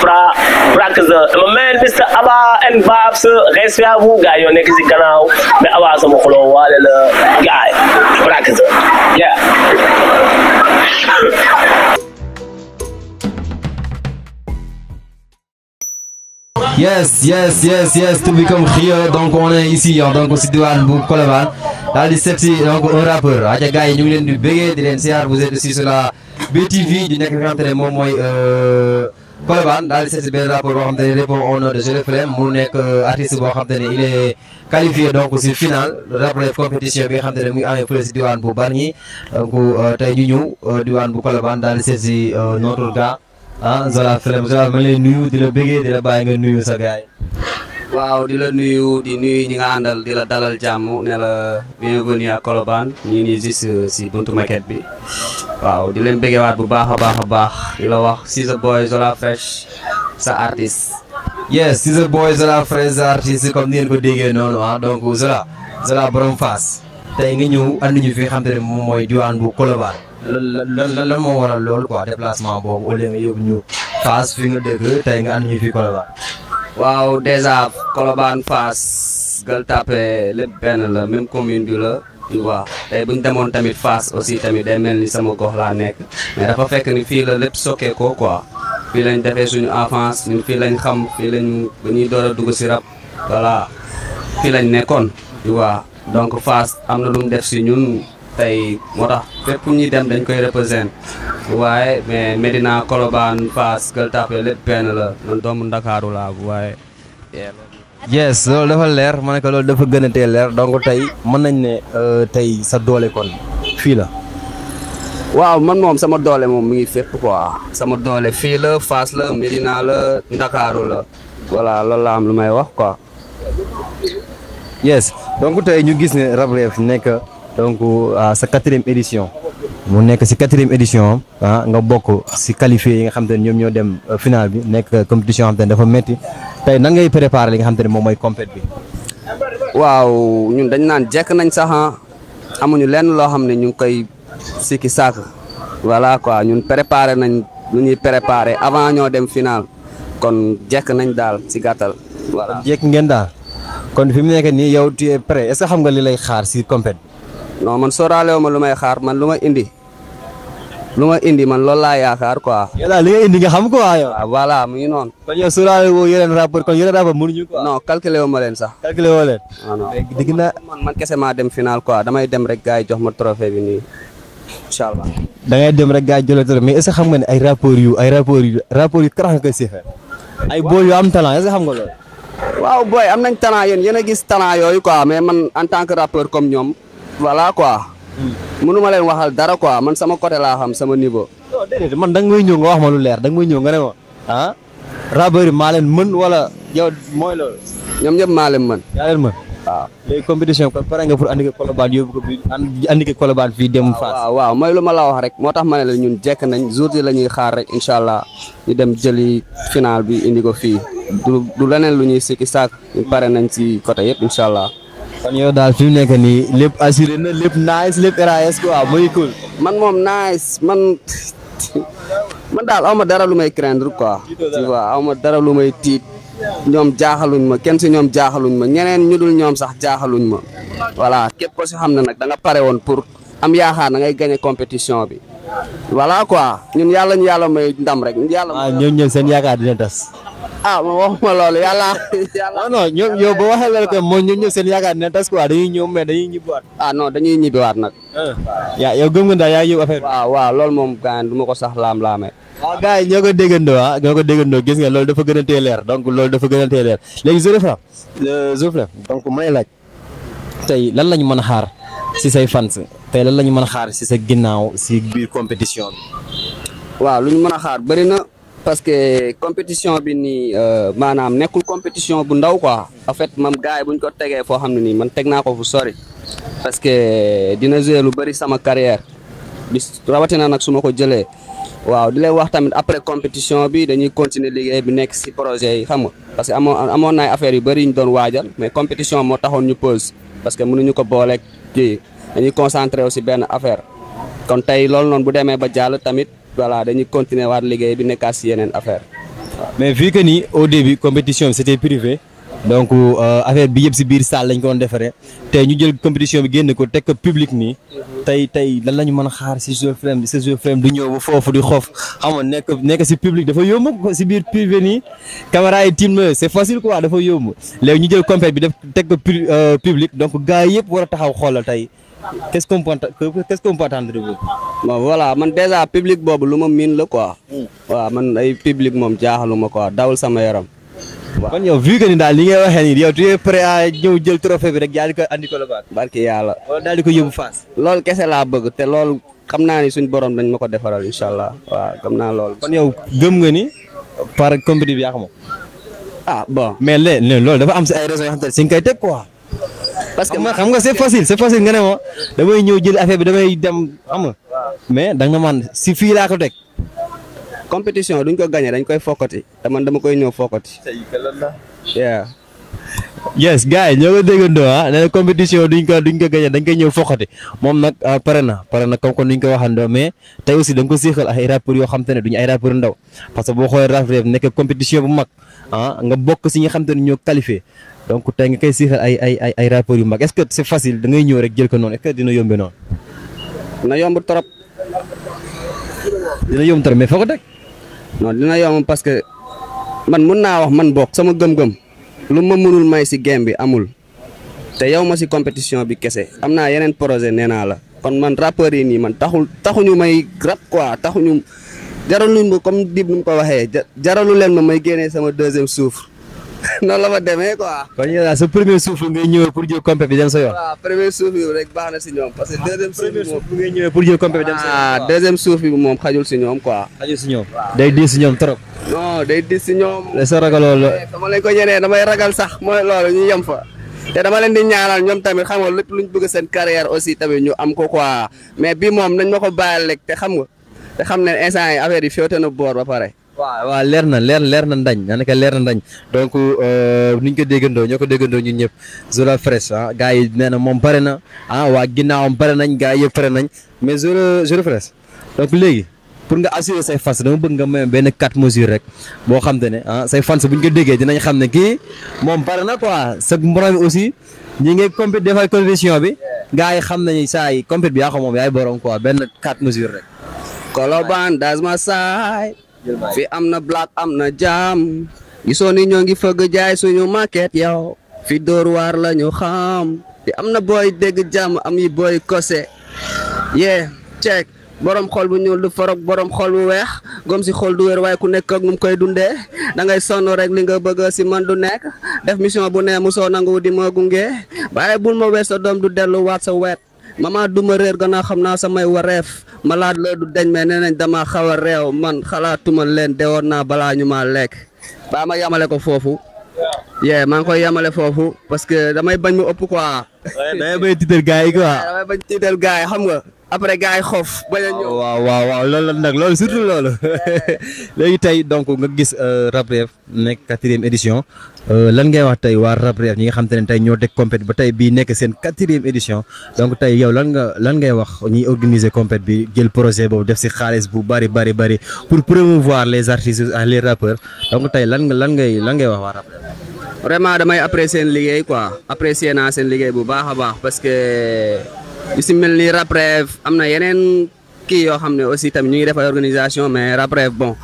fra ma min mista aba en babs resfiabu yo nek ci canal mais aba sama xuloo walé la gaay brakza yeah Yes, yes, yes, yes, tout become Rio. Donc, on est ici, hein, donc, au Sidouane Boub Koloban. Dans donc, un rappeur. Aja Gaye, nous l'avons du BG, de l'NCR, vous êtes aussi sur la BTV, du Nekrantre, moi, moi, euh. Colobane daal di seet si benn rapport boo xam te ne de Jéré Flem mu nekk euh, artiste boo xam il est qualifié donc si final rappelé compétition bi nga mu ngi amee fële si diwaan bu Bargny donc euh, tey ñu ñëw euh, diwaan bu Colobane daal di seet si notre gars ah Zola Flem ma lay nuyu di la bëggee di la bàyyi nga nuyu sa gars waaw di la nuyu di nuyu ñi nga àndal di la dalal jàmm ne la bienvenue à Colobane ñu ngi juste euh, si buntu maquette bi waaw di leen bëggewaat bu baax a baax a baax di la wax Cissé Boy Zola Fresh sa artiste. yes Cissé Boy Zola Fresh sa artiste comme ni ngeen ko déggee noonu ah donc Zola Zola borom Fass tey nga ñëw ànd ñu fi nga ne moom mooy diwaan bu Colobane. lan lan lan moo waral loolu quoi déplacement boobu au lieu nga yóbbu ñu Fass fi nga dëkk tey nga ànd ñu fi waaw déjà Colobane Fass Gueule Tapée lépp benn la même commune bi la tu vois tey bu ñu demoon tamit Fass aussi tamit day mel ni sama gox laa nekk mais dafa fekk ni fii la lépp sokkee ko quoi fii lañ defee suñu enfance ñun fii lañ xam fii lañ ba ñuy door a dugg si rap voilà lañ nekkoon tu vois donc Fass am na lu def si ñun. tey moo tax fépp ñuy dem dañ koy représenter waaye mais Medina Colobane Fass Gueule Tapée lépp benn la man doomu Ndakaaru laa waaye. dafa leer ma dafa gën a tee leer donc tey mën nañ ne euh, tey sa doole fii la. waaw man moom sama doole moom mi ngi fépp quoi sama doole fii la Fass la Medina la Ndakaaru la voilà loolu am lu may wax quoi. yes donc tey ñu gis ne Rap Rev nekk. donc euh, sa quatrième édition mu nekk si quatrième édition ah nga bokk si qualifié yi nga xam te ñoom ñoo dem euh, final bi nekk compétition xam te ne dafa métti tey ngay préparer li nga xam ne moom mooy compét ñun dañ naan jekk nañ sax ah. amuñu lenn loo xam ne ñu ngi koy sikki saak voilà quoi ñun préparer nañ lu ñuy préparer avant ñoo dem final kon jekk nañ daal si gàttal. voilà jekk ngeen daal kon fi mu nekk ni yow tu es est-ce que xam nga li lay xaar si compét. non man sóoraale wu ma lu may xaar man lu ma indi lu ma indi man loolu laa yaakaar quoi. yow daal li nga xam quoi yow. waaw mu ngi noonu. kon yow sóoraale woo yeneen rapport kon yeneen rapport mënuñu quoi. non wu ma leen sax. calculé woo leen. Ah, non non dégg naa man man kese maa dem final quoi damay dem rek gars yi jox ma trophée bi nii incha allah. da ngay dem rek gars yi jëlee trophée mais est xam nga ne ay rapport yu ay rapport yu rapport yu crax nga koy siifee ay bool yu am talent est ce que xam nga loolu. waaw booy am nañ talent yéen yéen a gis talent yooyu wala quoi hmm. mënuma len waxal dara quoi man sama côté la xam sama niveau oh, non man dang nga may ñëw nga wax ma lu leer dang nga may ñëw nga ne ma ah rabeur ma len mën wala yow moy lo ñom ñep ma len man ya len mën waaw les compétitions ko pare nga pour andi ko Colobane yóbbu ko bi andi ko Colobane dem face waaw waaw moy luma la wax rek motax mané la ñun jek nañ jour yi lañuy xaar rek inshallah ñu dem jëli final bi indi ko fi du du leneen lu ñuy sikki sak paré nañ si côté yépp inshallah kon daal fi mu nekk nii lépp assuré na lépp nice lépp RAS quoi muy cool. man moom nice man man daal aw ma dara lu may craindre quoi. tu vois ma dara lu may tiit. ñoom jaaxaluñ ma kenn si ñoom jaaxaluñ ma ñeneen ñu dul ñoom sax jaaxaluñ ma voilà képp ko si xam na nag danga pare woon pour am yaakaar da ngay gagné compétition bi voilà quoi ñun yàlla ñu yàlla may ndam rek. yàlla ñoom ñëpp seen yaakaar dina tas. ah ma waxuma loolu yàlla. yàlla non non seen yaakaar ne tas quoi dañuy ñëw mais dañuy ñibbiwaat. waat ah, non dañuy ñibbiwaat nag. Ah. yaa yow gëm nga daal yaa yëg affaire bi. moom ma ko sax laam-laamee. waaw ah, gars yi ñoo ko déggandoo ko déggandoo gis nga loolu dafa gën a leer donc loolu dafa gën a tee leer léegi Zorefra euh, Zorefra donc may laaj tey lan lañu mën a xaar si say fans tey lan lañu mën a xaar si sa ginnaaw si biir compétition bi. waaw lu ñu mën a xaar bëri parce que compétition bi euh manam nekul compétition bu ndaw quoi en fait mam gaay buñ ko tegee fo xamni ni man tégna ko fu sori parce que dina jouer lu bari sama carrière bis rawatina na nak ma ko waaw dilay wax tamit après compétition bi dañuy continuer ligue bi nek si projet yi xam nga parce que amon amoon na affaire yu bari ñu doon waajal mais compétition mo taxone ñu pause parce que mënuñu ko bolé kii dañuy concentrer aussi ben affaire kon tay loolu non bu démé ba jall tamit. voilà dañuy continuer waat liggéey bi nekkaat si yeneen affaire mais vu que ni au début compétition c'était privé donc euh, avec bi yëpp si biir salle lañ ko doon defaree tey ñu jël compétition bi génn ko teg ko public nii tey tey lan la ñu mën a xaar si Joe Frame bi si Joe Frame du ñëw ba foofu di xoof xam nga nekk nekk si public dafa yomb si biir privé nii caméra et tiim c'est facile quoi dafa yomb léegi ñu jël compét bi def teg ko euh, public donc gars yëpp war a taxaw xoolal tey. qu'est-ce qu'on peut qu'est-ce qu'on peut attendre boobu lu ma miin la quoi. waa hmm. man ay public moom jaaxaluma quoi dawul sama yaram. waaw kon yow vu que ni daal li ngay waxee nii yow tu es jël trophée bi rek daal di ko andi ko la baat. barki yàlla wala daal di ko yóbbu Fass. loolu kese laa bëgg te lool xam naa ni suñu borom dañ ma ko defaral incha allah waaw xam naa loolu. kon yow gëm nga ni par compétit bi yaa xam ah bon mais léegi loolu dafa am si ay raisons yoo xam te parce que man xam nga c'est facile c'est facile nga ne ma damay ñëw jël affaire bi damay dem xam nga mais da nga man si fii laa ko teg. compétition duñ ko gagné dañ koy fokkati man dama koy ñëw fokkati. waaw. yes gars yi ñoo ko déggandoo ah nee na compétition duñ ko duñ ko gagné koy ñëw fokkati moom nag ah, pare na pare na comme comme ni ñu ko waxandoo mais tey aussi da ko séexal ay rappeurs yoo xam te ne duñu ay rappeurs ndaw parce que boo xoolee rap nekk compétition bu mag ah, nga bokk si ñi xam te ñoo qualifié. donc tey nga koy siixal ay ay ay ay rapports yu mag est-ce que c'est facile da ngay ñëw rek jël ko noonu est-ce que dina yombe noonu. dina yomb trop. dina yomb trop mais foo ko teg. non dina yomb parce que man mun naa wax man bokk sama gëm-gëm lu ma mënul may si game bi amul te yow ma si compétition bi kese am naa yeneen projet nee naa la kon man rappeurs yi nii man taxul taxuñu may rap quoi taxuñu jaraluñ ma comme dib nu mu ko waxee jaralu leen may génnee sama deuxième suuf *laughs* noonu la ma demee quoi. kon ñu daal premier souffle ngay ñëwee pour jël compé bi dem sa premier souffle rek baax si ñoom. parce que ah, ah, deuxième souffle bi moom ngay ñëwee pour jël compé xajul si ñoom quoi. si ñoom. day diis si ñoom trop. day diis si ñoom. day sa ragal loolu. Eh, dama leen ko ñenee damay ragal sax mooy loolu ñu yem fa. te dama leen di ñaanal ñoom tamit xam nga lépp ñu bëgg seen carrière aussi tamit ñu am ko ko quoi mais bi moom nañ ma ko bàyyil rek te xam nga te xam ne instant yi affaire yi féete boor ba pare waaw waaw leer na leer leer na ndañ daanaka leer na ndañ donc euh, ni ñu ko déggandoo ñoo ko déggandoo ñëpp Zola Fresh ah gars yi na moom pare na ah waa ginnaawam nañ gars yi yëpp pare nañ mais Zola Fresh donc léegi pour nga assurer say fans dama bëgg nga may benn quatre mesures rek boo xam te ne ah say ko déggee dinañ xam ne kii moom pare na quoi sa morom yi aussi ñi ngay compét defal compétition bi gaay xam nañ saa yi compét bi yaa ko yaay borom quoi benn quatre mesures rek. Colobane das ma fi am na black am na jaam gisoo ni ñoo ngi fëgg jaay suñu maquette yow fi dóor waar la ñu xam fi am na booy dégg jàmm am yi booy kose yee ceek borom xol bu ñuul du forog borom xol bu weex gom si xol du wér waaye ku nekk ak nu koy dundee da ngay sonn rek li nga bëgg si man du nekk def mission bu mu soo nangu di ma gunge waaye bul ma weer sa doom du delluwaat sa wet mama du ma réer gannaaw xam naa samay wareef malaat la du dañ mais nee nañ dama xaw a man man xalaatuma leen dewoon naa balaa ñu maa lekk baa ma yamale ko foofu. yee maa ngi koy yamale foofu parce que damay bañ mu ëpp quoi. damay bañ tiital gars yi quoi. *laughs* damay gars yi xam nga. après gars yi xof bañ a ñëw. waaw waaw waaw loolu nag loolu surtout loolu *laughs* *laughs* léegi tey donc nga gis euh, Rap Rev nekk édition Euh, lan ngay wax tey waar Rap Reef ñi nga xam te ne tey ñoo teg compét ba tey bii nekk seen quatrième édition donc tey yow lan nga lan ngay wax ñuy organiser compét bi jël projet boobu def si xaalis bu bari bari bari pour promouvoir les artistes ak les rappeurs donc tey lan nga lan ngay lan ngay wax waa Rap vraiment damay apprécier seen liggéey ko apprécier na seen liggéey bu baax a baax parce que si mel ni Rap Reef am na yeneen kii yoo xam ne aussi tamit ñu ngi def ay mais Rap bon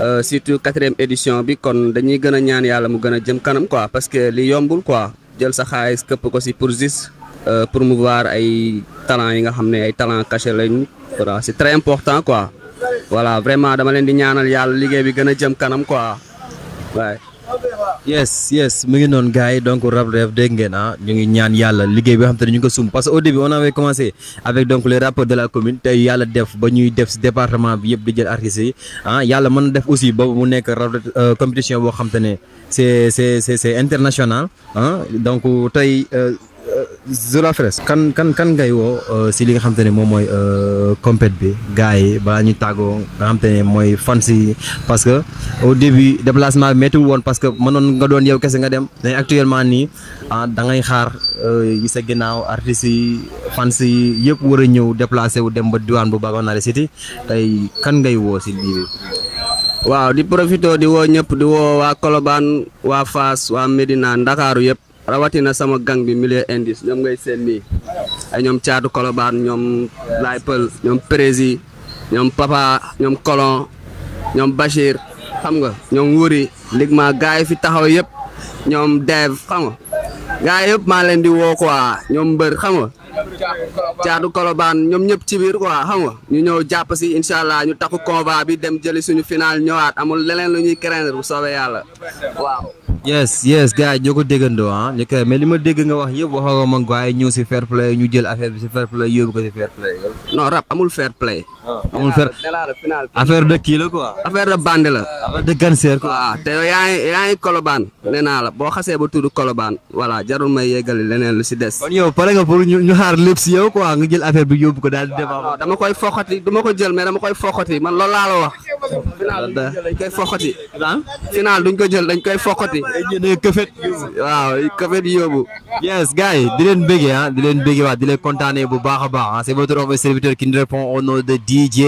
Euh, surtout quatrième édition bi kon dañuy gën a ñaan yàlla mu gën a jëm kanam quoi parce que li yombul quoi jël sa xaalis këpp ko si pour juste euh, promouvoir ay talent yi nga xam ne ay talent caché lañ voilà c'est très important quoi voilà vraiment dama leen di ñaanal yàlla liggéey bi gën a jëm kanam quoi waaye yes yes mu ngi noonu gars yi donc rap rêve dégg ngeen ah, ñu ngi ñaan yàlla liggéey bi xam ñu ngi ko sum parce que au début on avait commencé avec donc les rappeurs de la commune tey yàlla def ba ñuy def si département bi yëpp di jël artistes yi ah yàlla mën def aussi ba mu nekk rap euh, compétition boo xam te ne c'est c'est c'est international ah, tey euh, Euh, de la presse kan kan kan ngay woo euh, si li nga xamante ne moom mooy euh, compète bi gars yi balaa ñu tàggoo nga xamante mooy fan si parce que au début déplacement bi méttiwul woon parce que mënoon nga doon yow kese nga dem mais actuellement nii ah da ngay xaar yi sa ginnaaw artistes yi fan si yëpp war a ñëw déplacé wu dem ba diwaan bu Bagonale City tey kan ngay woo si lii bi waaw di profito di woo ñëpp di woo waa Colobane waa Fass waa Médina Ndakaaru yëpp. rawatina sama gang bi milieu indice ñoom ngay seen nii ay ñoom caatu kolobaan ñoom laay pël ñoom prési ñoom papa ñoom colon ñoom Bachir xam nga ñoom wuri ligma gars yi fi taxaw yëpp ñoom dev xam nga gars yëpp maa leen di woo quoi ñoom mbër xam nga caatu kolobaan ñoom ñëpp ci biir quoi xam nga ñu ñëw jàpp si incha allah ñu taxu combat bi dem jëli suñu final ñëwaat amul leneen lu ñuy craindre bu soobee yàlla yes yes gars yi ñoo ko déggandoo ah ñu ma dégg nga wax yëpp waxoo ma waaye ñëw si fair play ñu jël affaire bi si fair play yóbbu ko si fair play. non rap amul fair play. Ah. amul de kii la quoi. affaire de bande la. affaire de gangster quoi. waaw ah, te yaa ngi yaa ngi kolobaan nee naa la boo xasee ba tudd kolobaan voilà jarul may yeggali leneen lu si des. kon yow pare nga pour ñu xaar lépp si yow quoi nga jël affaire bi yóbbu ko daal di dem. dama koy foxati du ma ko jël mais dama koy foxati man loolu laa la wax. final duñ day jëndee këfet waaw këfet yóbbu yi di leen bëggee ah di leen bëggee waat di leen kontaanee bu baax baax ah c'est votre homme et serviteur qui nous répond au nom de DJ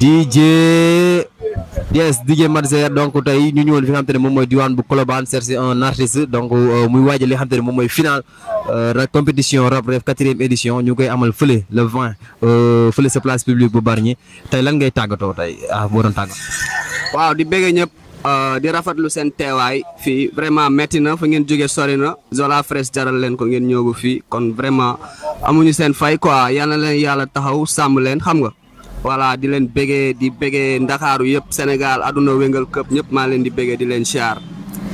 DJ yes DJ Madser donc tey ñu ñëwoon fi nga xamante ne moom mooy diwaan bu Colobane chercher un artiste donc euh, muy waajal li nga xamante ne moom mooy final euh, compétition rab ref quatrième édition ñu koy amal fële le 20 euh, fële sa place publique bu Bargny tey lan ngay tàggatoo tey ah boo doon tàggatoo. waaw di bëggee ñëpp. Euh, di rafetlu seen teewaay fii vraiment métti na fa ngeen jógee sori na Zola Fresh jaral leen ko ngeen ñëw fii kon vraiment amuñu seen fay quoi yal len leen yàlla taxaw sàmm leen xam nga voilà di leen bégee di bégee Ndakaaru yëpp Sénégal àdduna wéngal këpp ñëpp maa leen di bégee di leen siyaar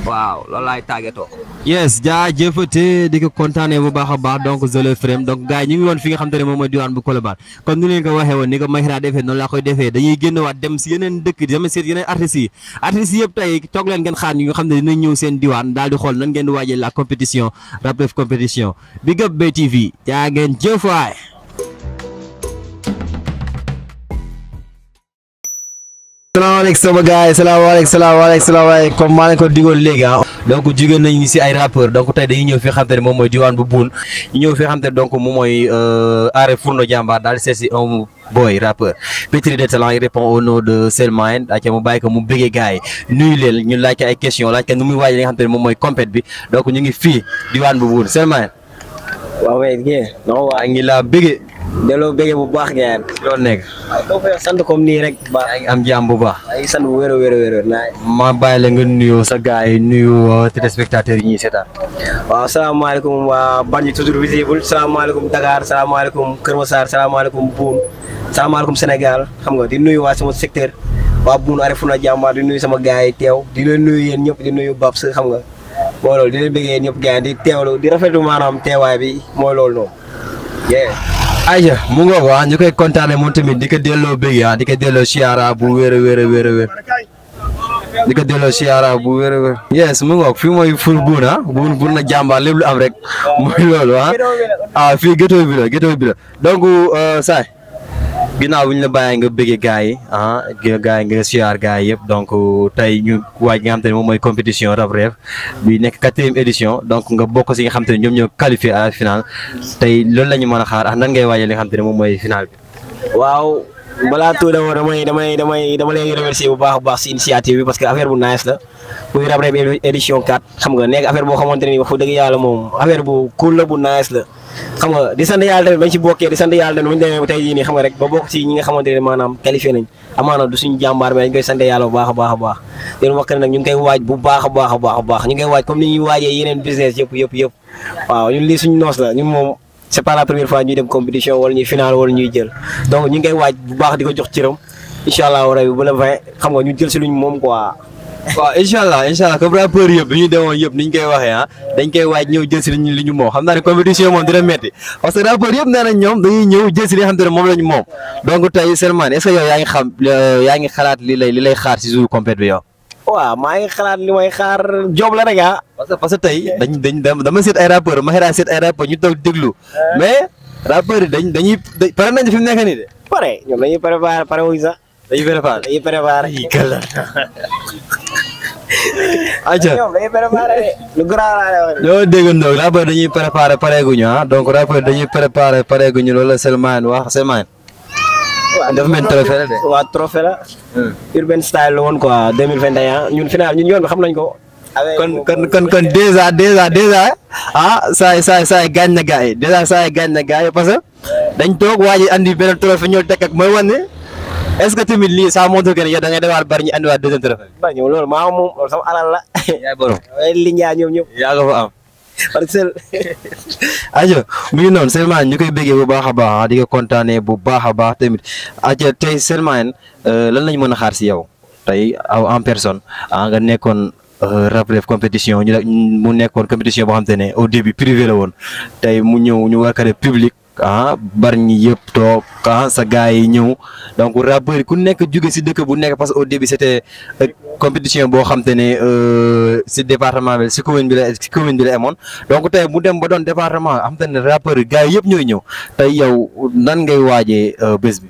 waaw loolu laay tàggatoo. yes jaajëfate di ko kontaanee bu baax a baax donc Zolo FM donc gars ñu ngi woon fi nga xam te ne moom mooy diwaan bu Colobane comme ni leen ko waxee woon ni ko Mayra defee noonu laa koy defee dañuy génn waat dem si yeneen dëkk dama seet yeneen artistes yi artistes yi toog leen ngeen xaar ñu nga xam ne dinañ ñëw seen diwaan daal di xool nan ngeen di waajee la compétition rap compétition Big Up BTV jaa ngeen jëf salaamaaleykum sama gars yi salaamaaleykum salaamaaleykum salaamaaleykum comme maa leen ko digoon léegi ah donc jigéen nañu si ay rappeur donc tey dañuy ñëw fi xam te ne moom mooy diwaan bu buun ñëw fi xam te ne donc moom mooy aare euh, Fourno daal seet si un boy rappeur pétri de talent il répond au nom de Selmaen aca mu bàyyi mu bëggee gars yi ñu laaj ko ay question laaj ko nu muy waaj li nga te ne moom mooy compète bi donc ñu ngi fii diwaan bu buun Selmaen waaw ngi laa bëggee delloo bëggee bu baax ngeen. loolu nekk. sant comme nii rek. ba am jàmm bu baax. ay sant bu wér a wér a wér naay. la nga nuyoo sa gars yi nuyu uh, téléspectateurs yi ñuy seetaan. waaw salaamaaleykum waa Bargny toujours visible salaamaaleykum Dakar salaamaaleykum Kër Massar salaamaaleykum Boune salaamaaleykum Sénégal xam nga di nuyu waa sama secteur waa Boune Arifuna jàmbaar di nuyu sama gars yi teew di leen nuyu yéen ñëpp di nuyu Babs xam nga moo loolu di leen bëggee ñëpp gars yi di teewlu di rafetlu maanaam teewaay bi mooy Aïcha mu ngoog ah ñu koy kontaanee moom tamit di ko delloo bëgg ah di ko delloo siyaara bu wér a wér di ko delloo siyaara bu wér a yes mu ngoog fii mooy ful buun ah buun buun na jàmbaar lépp lu am rek mooy loolu ah ah fii ghetto bi la ghetto bi la donc euh, ginnaaw bi nga bëggee gars yi ah, gars nga siyaar gars yi yëpp donc tey ñu waaj nga xam ne moom mooy compétition Rap Rêve bi nekk quatrième édition donc nga bokk si nga xam te ne ñoom ñoo qualifié à la finale tey loolu la ñu mën a xaar ah nan ngay waajal li nga xam te ne moom mooy finale bi waaw balaa tout d'abord damay damay damay dama leen remercier bu baax bu baax si initiative bi parce que affaire bu nice la muy Rap Rap édition 4 xam nga nekk affaire boo xamante ni wax dëgg yàlla moom affaire bu cool la bu nice la xam nga di sant yàlla tamit bañ si bokkee di sant yàlla tamit bañ demee tey jii nii xam nga rek ba bokk si ñi nga xamante ne maanaam qualifié nañ amaana du suñu jàmbaar mais dañ koy sant yàlla bu baax a baax a baax leen wax ne nag ñu ngi koy waaj bu baax a baax a baax a baax ñu ngi koy waaj comme ni ñuy waajee yeneen business yëpp yëpp yëpp waaw ñun lii suñu noos la ñun moom c'est pas la première fois ñuy dem compétition wala ñuy final wala ñuy jël donc ñu ngi waaj bu baax di jox cëram incha allah bu la vaillé xam nga ñu jël si luñ moom quoi. waaw incha allah incha allah comme rappeur yëpp li ñu demoon yëpp ni ñu koy waxee ah dañ koy waaj ñu jël si liñ li ñu moom xam naa ne compétition moom dina metti parce que rappeur yëpp nee ñoom dañuy ñëw jël si li nga xam te ne moom lañ donc tey Selmane est-ce que yaa ngi xam euh, yaa ngi xalaat li lay li lay xaar si jour compét bi yow waaw maa ngi xalaat li may xaar joob la rek ah. parce que parce que tey dañ dañ dama seet ay rappeurs ma xëy seet ay rappeurs ñu toog déglu. Euh. mais rappeurs yi dañ dañuy pare nañ fi mu nekk nii de. pare ñoom dañuy préparé pare wuñ sax. dañuy préparé dañuy préparé. ay gàllankoor. ayca *laughs* ñoom dañuy préparé lu grand laa lay wax. ñoo déggandoo rappeurs dañuy préparé pareeguñu ah donc rappeurs dañuy préparé pareeguñu loolu la Selmane wax Selmane. waaw dafa mel trophée la de. waaw trophée la. Hmm. urban style la woon quoi ñun final ñun yoon bi xam nañ ko. kon kon kon kon déjà déjà déjà ah saay saay saay gaañ na gars yi déjà saay gaañ na gars yi que dañ toog waa ji andi trophée ñoo teg ak mooy wane est-ce que tamit lii ça montre que yow da ngay demaat bari ñu andiwaat deuxième trophée. bari ñoom loolu maa moom loolu sama alal la. yaay borom *laughs* li ñaa ñoom parcelle aja mu ngi noonu Sélmane ñu koy béggee bu baax a baax di ko kontaanee bu baax a baax tamit aja tey Sélmane euh, lan lañ mën a xaar si yow tey aw en personne ah nga nekkoon euh, Raprev compétition ñu mu nekkoon compétition boo xam ne au début privé la woon tey mu ñëw ñu war ah bari ñi yëpp toog ah sa gars yi ñëw donc rappeurs ku nekk juge si dëkk bu nekk parce que au début c'était euh, compétition boo xam te ne euh, si département bi si commune bi la si commune bi la amoon donc tey dem ba doon département xam te ne yëpp ñooy ñëw tey yow nan ngay waajee euh, bés bi.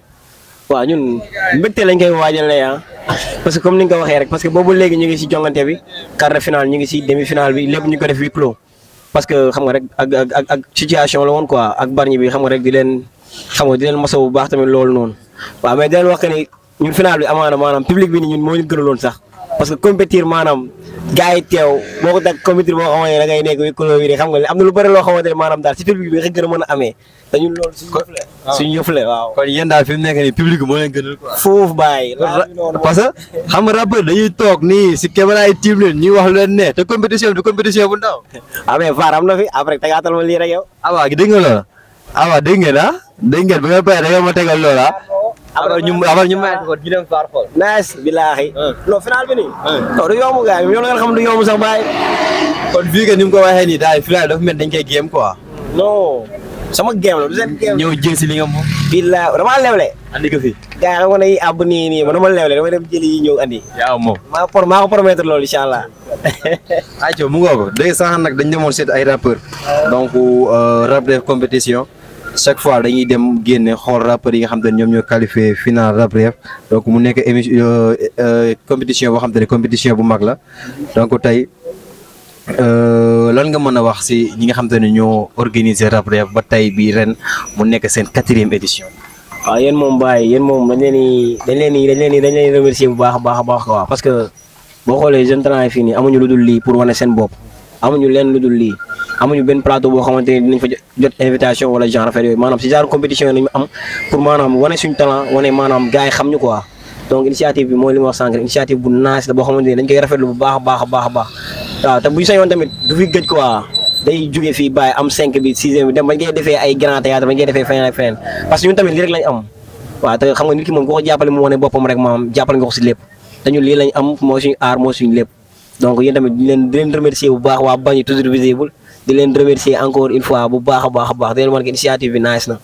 waaw ñun mbégte lañ koy waajalee ah *laughs* parce que comme ni nga ko rek parce que boobu léegi ñu ngi si jongante bi quart de finale ñu ngi si demi finale bi lépp ñu ko def huis parce que xam nga rek ak ak situation la woon quoi ak barñi bi xam nga rek di leen xam nga di leen masaw baax tamit loolu noonu waaw mais di leen wax que ñun final bi amaana maanaam public bi ni ñun moo ñu gënaloon sax parce que compétir maanaam gars teew boo ko dag compétir boo xamante ne da ngay nekk wi kulo wi de xam nga ne lu bëri loo xamante ne maanaam daal a mën que xam nga rappeur toog nii si caméra wax lu leen ne te compétition bi ah, nga ah? pare da nga ma ah après ñu après ñu mayaat ko ñu dem faar xool. nice bilaahi. non final bi nii. non du yomb gars yi yow la nga xam du yomb sax bàyyi. kon bii que ni mu ko waxee nii daal final dafa mel dañ koy game quoi. non sama game la du seen game. ñëw jël si li nga moom. bilaahi damaa lewle. andi ko fi. gars yi xam nga ne yii àbb nii nii man dama lewle dama dem jëli yi ñëw andi. yaa moom maa por maa ko promettre loolu incha allah. ayca mu ngoog léegi sax nag dañ demoon seet ay rappeurs. donc euh, rap de compétition. chaque fois dañuy dem génne xool rappeurs yi nga xam te ne ñoom ñoo qualifié final rap donc mu nekk émission euh, euh, compétition boo xam te ne compétition bu mag la donc tey euh, lan nga mën a wax si ñi nga xam te ne ñoo organiser rap rêve ba tey bii ren mu nekk seen quatrième édition. waaw ah, yéen moom bàyyi yéen moom dañ leen di dañ leen di dañ leen di dañ leen di remercier bu baax a baax a baax quoi parce que boo xoolee jeunes talents yi fii nii amuñu lu dul lii pour wane seen bopp. amuñu leen lu du lii amuñu benn plateau boo xamante ni dinañ fa jot invitation wala genre affaire yooyu maanaam si genre compétition yi nañu am pour maanaam wane suñu talent wane maanaam gars yi xam ñu quoi donc initiative bi mooy li ma wax sànq initiative bu naas koy rafetlu bu baax a baax a baax a baax waaw te buñu sañoon tamit du fi gëj quoi day jóge fii bàyyi am 5 bi 6 bi dem bañ koy defee ay grand théâtre bañ koy defee feneen ak feneen parce que tamit lii rek lañ am waaw te xam nga nit ki moom ko jàppale mu wane boppam rek maanaam jàppale nga si lépp dañu lii lañ am moo suñu aar moo lépp donc yéen tamit di leen bu baax waa Bañu toujours visible encore une fois bu baax a baax a baax di leen wan que initiative bi nice na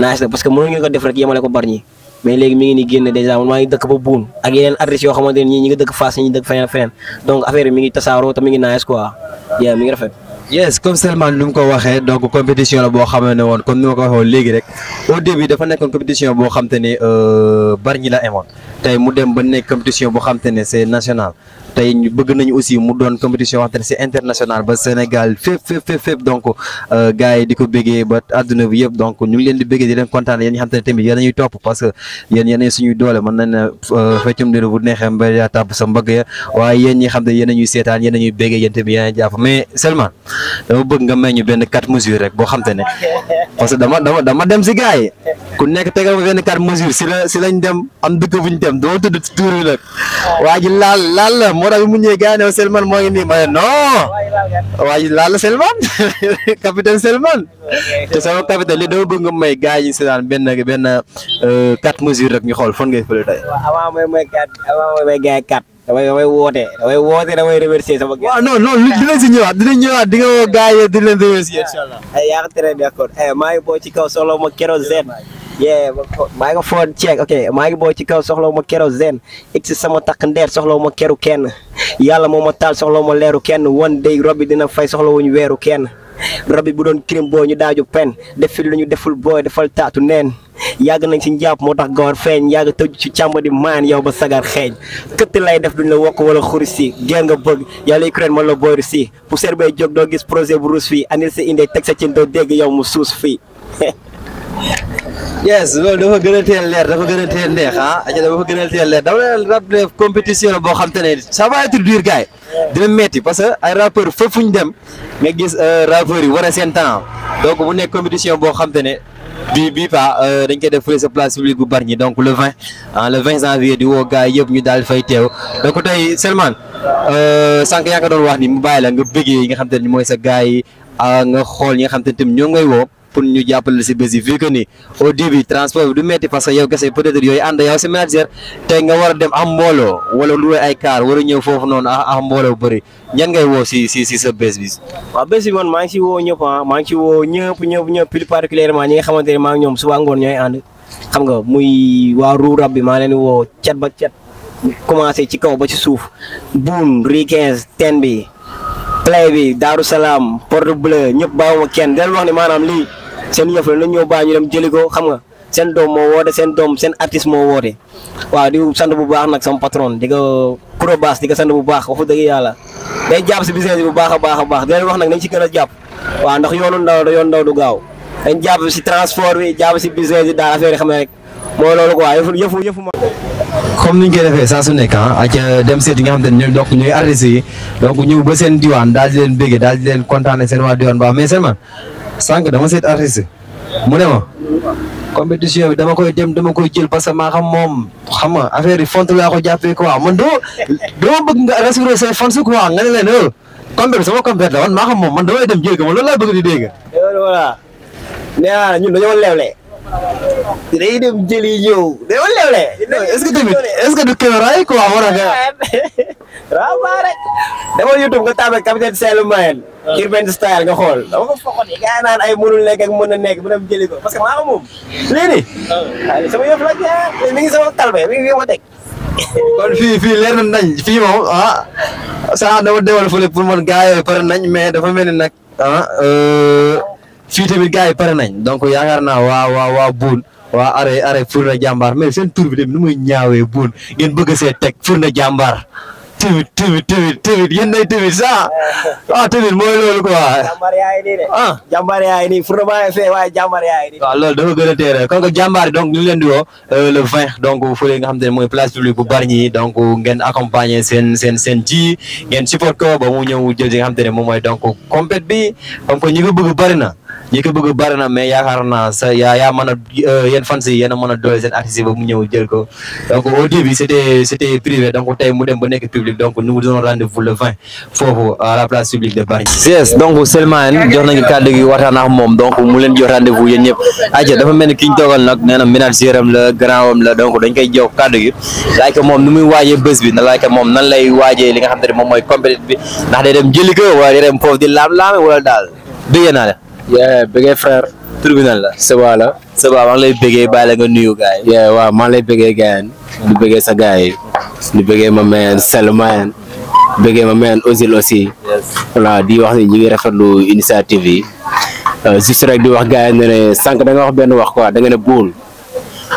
nice na parce que mënoon ngeen ko def rek yemale ko Bargny mais léegi mi ngi ni génn dèjà man maa ngi dëkk ba buun ne ñii ñi ngi dëkk Fass ñi dëkk feneen feneen donc affaire bi mi yes comme Selman ni ko waxee donc compétition la boo xamee ne woon comme ni ma ko waxee woon léegi rek au début dafa nekkoon compétition boo xam te ne euh, Bargny la emoon tey mu dem ba nekk compétition boo xam te ne national tey ñu bëgg nañu aussi mu doon compétition waxtaan si international ba Sénégal fépp fépp fépp fépp donc euh, gars yi ba àdduna bi yëpp donc ñu leen di bëggee di leen kontaan yéen ñi xam te ne tamit yéen a ñuy topp mais seulement dama bëgg nga may ñu benn quatre mesures rek boo xam parce que dama dama dem si gars ku nekk tegal ma benn quatre mesures si la dem am dëkk bu ñu dem tudd tuur bi nag laal laal moo tax bi mu ñëwee gars yi ne Selman moo ngi nii ma ne non waaye laal Selman *laughs* capitaine Selman te sama capitaine li dama bëgg nga may gars yi si daan benn benn euh, quatre mesures ñu xool fan ngay fële tey. waaw avant mooy mooy quatre avant mooy mooy gars yi quatre damay damay non non dinañ si ñëwaat dinañ ñëwaat di nga woo gars yi eh, ci kaw solo ma keroog yee maa ngi foon ceeg ok maa ngi booy ci kaw soxlaw ma kero zen ig si sama takkandeer soxla soxlaw ma keru kenn yàlla moo ma taal soxlaw ma leeru kenn one day robbi dina fay soxla wu ñu weeru kenn robbi bu doon crime booy ñu daaju pen def fi lu ñu deful booy defal taatu neen yàgg nañ si njàpp moo tax gawar feeñ yàgg tëju ci càmba di maan yow ba sagar xeeñ këtt lay def duñ ne wokk wala xuri si géer nga bëgg yàlla Ukraine man la booy si pour seer bay doo gis projet bu ruus fii anil sa indee teg sa cin doo dégg yow mu suus fii *laughs* yes loolu dafa gën leer dafa gën a teel neex ah aca dafa gën leer dafa leen rap de compétition la boo xam te ne ça va être dur gars parce que ay rappeurs fépp fu ñu dem nga gis euh, rappeurs yi war a seen temps donc mu nekk compétition boo xam te ne bi bii pa euh, dañ koy def fële sa place publique bu Bargny donc le 20 ah le 20 janvier di woo gars yëpp ñu daal fay teew donc tey Selmane euh, sànq yaa ngi doon wax ni mu bàyyi la nga bëggee yi nga xam te ne mooy sa gars yi ah, nga xool yi nga xam te ne tamit ñoo ngay woo pour ñu jàppale ci bés yi vu que ni au début transport du metti parce que yow kese peut être yoy and yow ci manager tay nga wara dem am mbolo wala lu ay car wara a ñëw foofu noonu ah, ah mbolo bari ñan ngay wo ci ci ci sa bëss bi. wa bés bi man ma ngi si woo ñëpp ah maa ngi si woo ñëpp ñëpp ñëpp plus particulièrement ñi nga xamanteni ma maa ngi ñoom suba ngon ñoy and xam nga muy wa ru rabbi ma leen wo chat ba chat commencé ci kaw ba ci souf boom ri 15 ten bi play bi darussalam porte bleu ñëpp bàyyiwuma kenn del wax ni manam li sen yëf la ñoo bañu dem jëli ko xam nga sen dom mo woote sen dom sen artiste mo woote waaw di sant bu baax nak sama patron di ko kuro bass di ko sant bu baax waxu deug yàlla day japp ci business bu baax a baax a baax di wax nak nañ ci gëna japp waaw ndax yoonu ndaw da yoon ndaw du gaaw dañ japp ci transport wi japp ci business da affaire xam rek mo lolu quoi yëfu yëfu yëfu ma comme niñ koy defé sa su nek han ah, ak euh, dem set nga xam ñu dok ñuy arrêté donc ñu ba sen diwan dal di len béggee dal di len kontaane sen wa diwan ba mais seulement sank ya? ya, dama set artiste mu ne ma compétition bi dama koy dem dama koy jël parce que ma xam mom xam nga affaire yi font la ko jappé quoi man do do bëgg nga rassurer ses fans quoi nga ne len oh compét sama combat la won ma xam mom man dama dem jël ko lool la bëgg di dégg. voilà néna ñun Tidak lewle. day dem jëli ñëw dañoo lewle. est-ce que tamit est-ce que du caméra yi quoi rek. demal YouTube nga tàmbali capitaine Seydou Mayel. waaw ah. urban style nga xool. dama ko foqoon yi gars naan ay mënul nekk ak mën a nekk bu dem jëli ko parce que maa ko moom. Ah. ma teg. kon fii fii leer na nañ fii moom ah saa dama nañ mais dafa mel ni nag ah euh, fii tamit yi pare nañ donc yaakaar naa waa waa waa buun. waa are are Furna Jàmbaar mais seen tur bi tamit nu muy ñaawee buun ngeen bëgg see teg Furna Jàmbaar. timit timit timit timit yéen nay timit sax ah timit *laughs* ah, mooy loolu quoi. jàmbaar yaa ngi nii de. ah jàmbaar yaa fee waaye jàmbaar yaa ngi nii. waaw loolu dafa gën a donc ñu ngi leen di woo euh, le 20 donc fële nga xam te ne mooy place publique bu Bargny donc ngeen accompagner seen seen seen ji ngeen support ko ba mu ñëw jël ci nga xam te ne moom mooy donc compét bi comme que ñi ko ñi ko bëgg mais yaakaar naa sa yaa yaa mën a euh, yéen fans yi yéen a mën a doole seen artiste ba mu ñëw jël ko donc au début c'était privé donc tey mu dem ba nekk public donc nous vous donnons le 20 foofu à la place publique de Bargny. yes donc Souleymane jox nañu kàddu gi waxtaan ak moom donc mu leen jox rendez-vous yéen ñëpp aja dafa mel ni ki ñu toogal nag na ménagère am la grand am la donc dañ koy jox kàddu gi laaj nu muy waajee bés bi na laaj ko moom nan lay waaje li nga xam te ne moom mooy compétition bi ndax day dem jëli daal dégg naa yaa bëggee frère. tribunal la Seba la. Seba maa ngi lay bëggee bàyyi la nga nuyu gars yi. maa lay bëggee gars yi. di sa gars yi. di bëggee ma meen sel mayen ma meen Ozil aussi. voilà di wax ni ñu ngi rafetlu initiative yi. Euh, juste rek di wax gars yi ne ne sànq da wax benn wax quoi danga ne buun.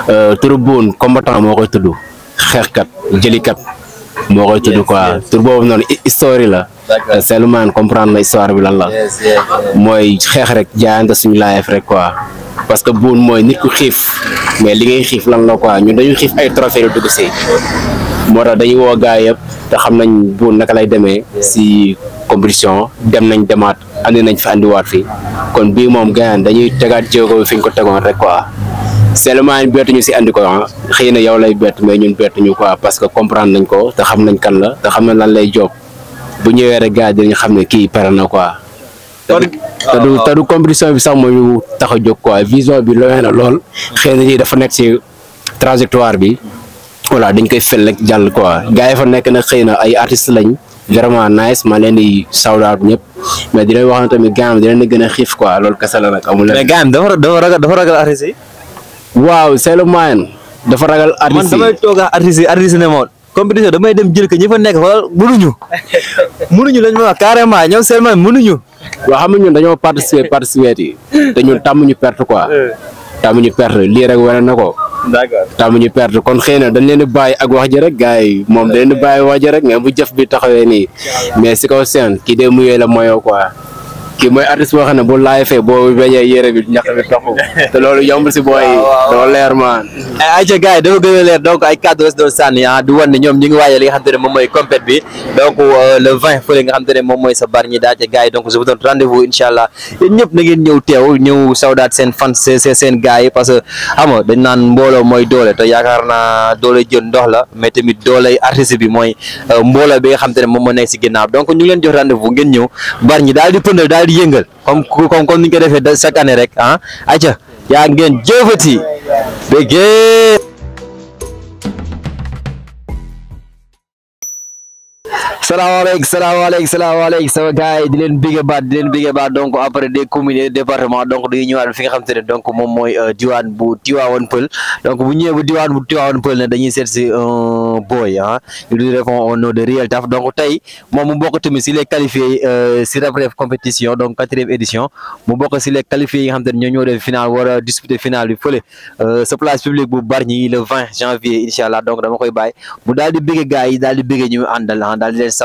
Euh, turu buun combattant moo koy tudd. xeexkat jëlikat. moo koy tudd quoi tur boobu noonu histoire la. seulement comprendre na histoire bi lan la mooy xeex rek jaayante suñu laayef rek quoi parce que buun mooy nit ku xiif mais li ngay xiif lan la quoi ñun dañu xiif ay trophée lu dugg si dañuy woo gaay yëpp xam nañ buun naka lay demee si compétition dem nañ demaat andi nañ fi andiwaat fi kon bii moom gayaan dañuy tegaat jéego bi fi ñu ko tegoon rek quoi seulement bettuñu si andi ko ah xëy na yow lay bett mais ñun bettuñu koi parce que comprendre nañ ko te xam nañ kan la te xam na lan lay job bu ñëwee rek gars yi dinañ xam ne kii pare na quoi. kon te du te bi sax mooy tax a jóg quoi vision bi looy na lool. xëy na lii dafa nekk si trajectoire bi. voilà dañ koy fel rek jàll quoi gars yi fa nekk na xëy na ay artistes lañ. vraiment nice ma leen di sawdaat ñëpp mais di wax ne tamit gars yi dinañ leen gën a xiif quoi loolu kese la nag amul. mais gars yi dafa dafa ragal dafa ragal artistes yi. waaw c'est le dafa ragal artistes yi man a artistes yi artistes ne moom. compétition damay dem jël ko fa nekk xoolal mënuñu *laughs* mënuñu lañ ma wax carrément ñoom seen man mënuñu. waaw xam nga ñun dañoo participer participer yi te ñun tàmm ñu perte quoi. Eh. tàmm ñu perte lii rek wane na ko. d'accord perte kon xëy na dañ leen di bàyyi ak wax ji rek gars yi moom dañ leen di bàyyi wax ji rek mais bu jëf bi taxawee nii mais si kaw seen kii dee muyee la moyoo quoi. kii mooy artiste boo xam ne bu laay fee boo bañee yére bi ñax bi topp te loolu yomb si booy yi loolu leer maan eh, ay ca gars dafa gën a leer donc ay cadre la si doon sànni ah ne ñoom ñi ngi waajal li nga xam te ne moom mooy compète bi donc euh, le 20 moom mooy sa bar ñi daa ca gars yi donc je vous donne rendez-vous incha allah yéen ñëpp na ngeen ñëw teew ñëw sawdaat seen fan seen gars yi parce que xam nga dañ naan mbooloo mooy doole te yaakaar naa doole jën ndox la mais tamit doole artiste bi mooy euh, mbooloo bi nga xam te ne moom moo nekk si ginnaaw donc ñu leen jox rendez-vous kër yëngal comme comme comme ni ñu ko defee chaque année rek ah aca yaa ngeen jëfati béggee salaamaaleykum salaamaaleykum salaamaaleykum sama gars yi di leen bigge baat di leen bigge baat donc après des communes des départements donc dañuy ñëwaat fi nga xamante ne donc moom mooy euh, diwaan bu Tivaouane Peulh donc bu ñëwee bu diwaan bu Tivaouane Peulh ne dañuy seet si un boy ah hein. il répond au nom de Real Taf donc tey moom mu bokk tamit si les qualifiés euh, si RAPREV compétition donc quatrième édition mu bokk si les qualifiés yi nga xamante ne ñoo ñëw def final war a disputer final bi fële euh, sa place publique bu Bargny le 20 janvier incha allah donc dama koy bàyyi mu daal di bigge gars yi daal di bigge ñu àndal ah daal di leen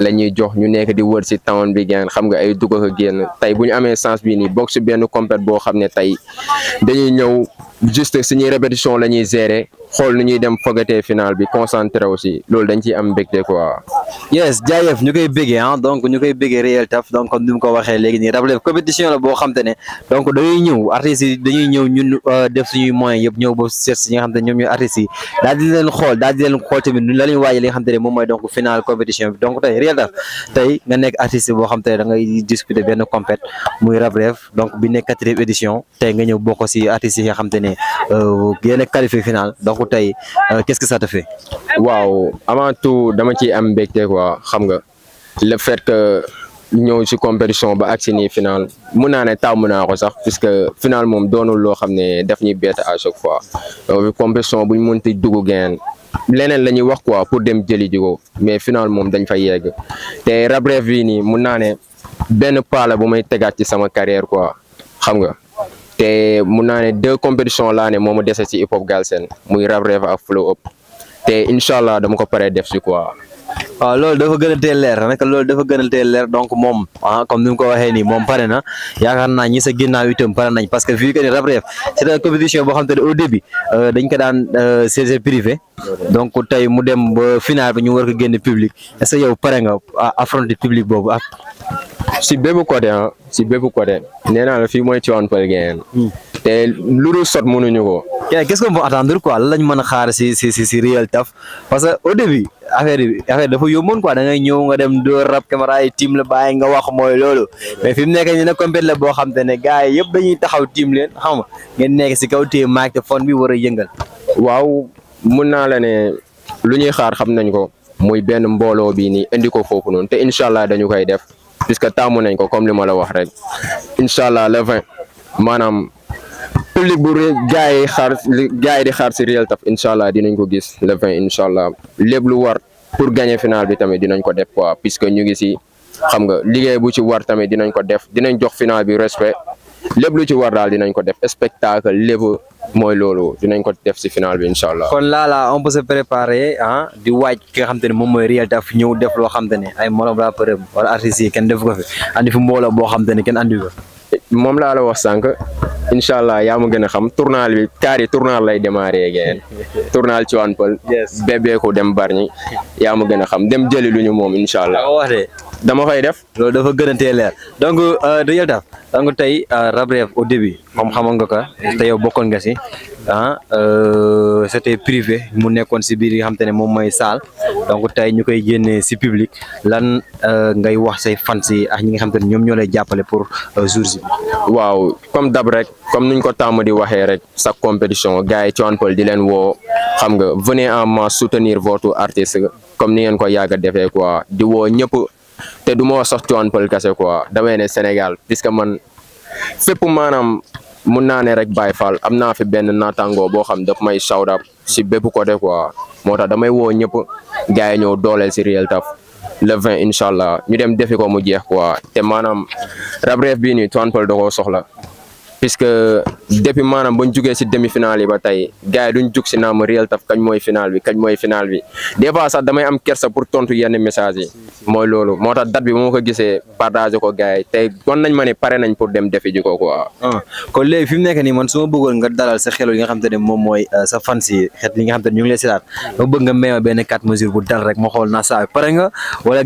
la ñuy jox ñu nekk di wër si town bi gaan xam nga ay dugg ak génn tey bu ñu amee sens bii nii bokk si benn compète boo xam ne tey dañuy ñëw juste suñuy répétition la ñuy gérer xool nu ñuy dem fogatee final bi concentré aussi loolu dañ ciy am mbégte quoi. yes jaajëf ñu koy béggee ah donc koy béggee réel taf donc comme ni mu ko waxee léegi nii rappelé compétition la boo xam te ne donc dañuy ñëw artistes yi dañuy ñëw ñun euh, def suñuy moyens yëpp ñëw ba seet si ñi nga xam te ne ñoom yi daal di leen xool daal di leen xool tamit la ñuy li xam te ne moom mooy donc final compétition bi tey réel la tey nga nekk artiste boo xam te da ngay disputer benn compète muy Rap Rêve donc bi nekk quatrième édition tey nga ñëw bokk si artistes yi nga xam te ne euh, yéen a qualifié final donc tey euh, qu'est-ce que ça te fait. waaw avant tout dama ciy am mbégte quoi xam nga le fait que. ñëw si compétition ba ak si nii final mun naa ne tàmm naa ko sax puisque final moom doonul loo xam ne daf ñuy bett à chaque fois compétition buñ mënti dugg geen leneen la ñuy wax quoi pour dem jëli ji ko mais final moom dañ fa yegg te Rap Rev bii nii mun naa ne benn pas bu may tegaat ci sama carrière quoi xam nga te mun naa ne deux compétitions laa ne moo ma dese ci hip hop Galsen muy Rap Rev ak Flow Up te incha allah dama ko paree def si quoi. waaw loolu dafa gën a leer nag loolu dafa gën a leer donc moom ah comme ni mu ko waxee nii moom pare na yaakaar naa ñi sa ginnaaw itam pare nañ parce que vu que ni Rap Rev c'est une compétition boo xam te ne au début euh, dañ ko daan CG euh, privé donc tey mu dem ba final bi ñu war ko génne public est-ce que yow pare nga affronter public boobu ak. si bépp côté ah si bépp côté nee naa la fii mooy Tivaouane Peulh te lu dul sot mënuñu ko. qu'est-ce qu'on peut attendre quoi lan lañ mën a xaar si si si Taf parce que au début affaire bi affaire dafa yomboon quoi da ngay ñëw nga dem dóor rab caméra yi tiim la bàyyi nga wax mooy loolu mais fi mu nekkee nii na compét la boo xam te ne gars yi yëpp dañuy taxaw tiim leen xam nga ngeen nekk si kaw téye maag te fon bi war a yëngal. waaw mun naa la ne lu ñuy xaar xam nañ ko muy benn mbooloo bi nii indi ko foofu noon te incha allah dañu koy def puisque taamu nañ ko comme li ma la wax rek incha allah tulli bu gaa yi xaar gaa yi di xaar ci Real Taf inshallah dinañ ko gis le 20 inshallah allah lu war pour gagner final bi tamit dinañ ko def quoi puisque ñu ngi ci xam nga liggéey bu ci war tamit dinañ ko def dinañ jox final bi respect lépp lu ci war dal dinañ ko def spectacle lépp moy lolu dinañ ko def ci final bi inshallah kon la la on peut se préparer hein di wajj ki nga xam te ne Real Taf ñëw def lo xam te ay morom rappeur wala artiste yi def ko fi andi fi mbolo bo xam te ne andi ko. moom laa la wax sànq incha allah yaa ma gën a xam tournal bi kaar yi lay demare geen *laughs* tournal ci waan pël. bebeeku dem barñi yaa mu gën a xam dem jëli lu ñu moom incha allah. dama fay def loolu dafa gënantee leer donc euh, dañuy def donc tey euh, Rap Rêve au début moom xamoon nga ko te yow bokkoon nga si ah euh, c'était privé mu nekkoon si biir yi nga xam te ne moom mooy saal donc tey ñu koy génnee si public lan ngay wax say fan si ak ñi nga xam te ñoom ñoo lay jàppale pour jours yi. waaw comme dab rek comme nuñ ko tàmm di waxee rek sa compétition gars yi Tivaouane Peulh di leen woo xam nga venez en masse soutenir votre artiste comme ni ngeen ko yàgg a defee di woo ñëpp. te du ma wax sax Tivaouane Peulh kese quoi damay ne Sénégal puisque man fépp maanaam mun naa ne rek Baye Fall am naa fi benn naataangoo boo xam dafa may shout si bépp côté quoi moo tax damay woo ñëpp gars yi ñëw dooleel si Real Taf le 20 incha allah ñu dem defi ko mu jeex quoi te maanaam rab reef bii nii Tivaouane Peulh da soxla. puisque depuis maanaam bañ jugee si demi finale yi ba tey gars yi duñ jug si naam Real Taf kañ mooy finale bi kañ mooy sax damay am kersa pour tontu yenn message yi mooy loolu moo tax date bi moo ko gisee partagé ko gars yi tey nañ ma pare nañ pour dem defi ji ko ah, léegi fi mu nekk man su ma nga dalal sa xel nga xam ne mooy euh, sa fans xet nga xam ne ñu ngi lay silaat ma bëgg nga meema benn quatre mesures bu dal rek ma xool naa saa pare nga wala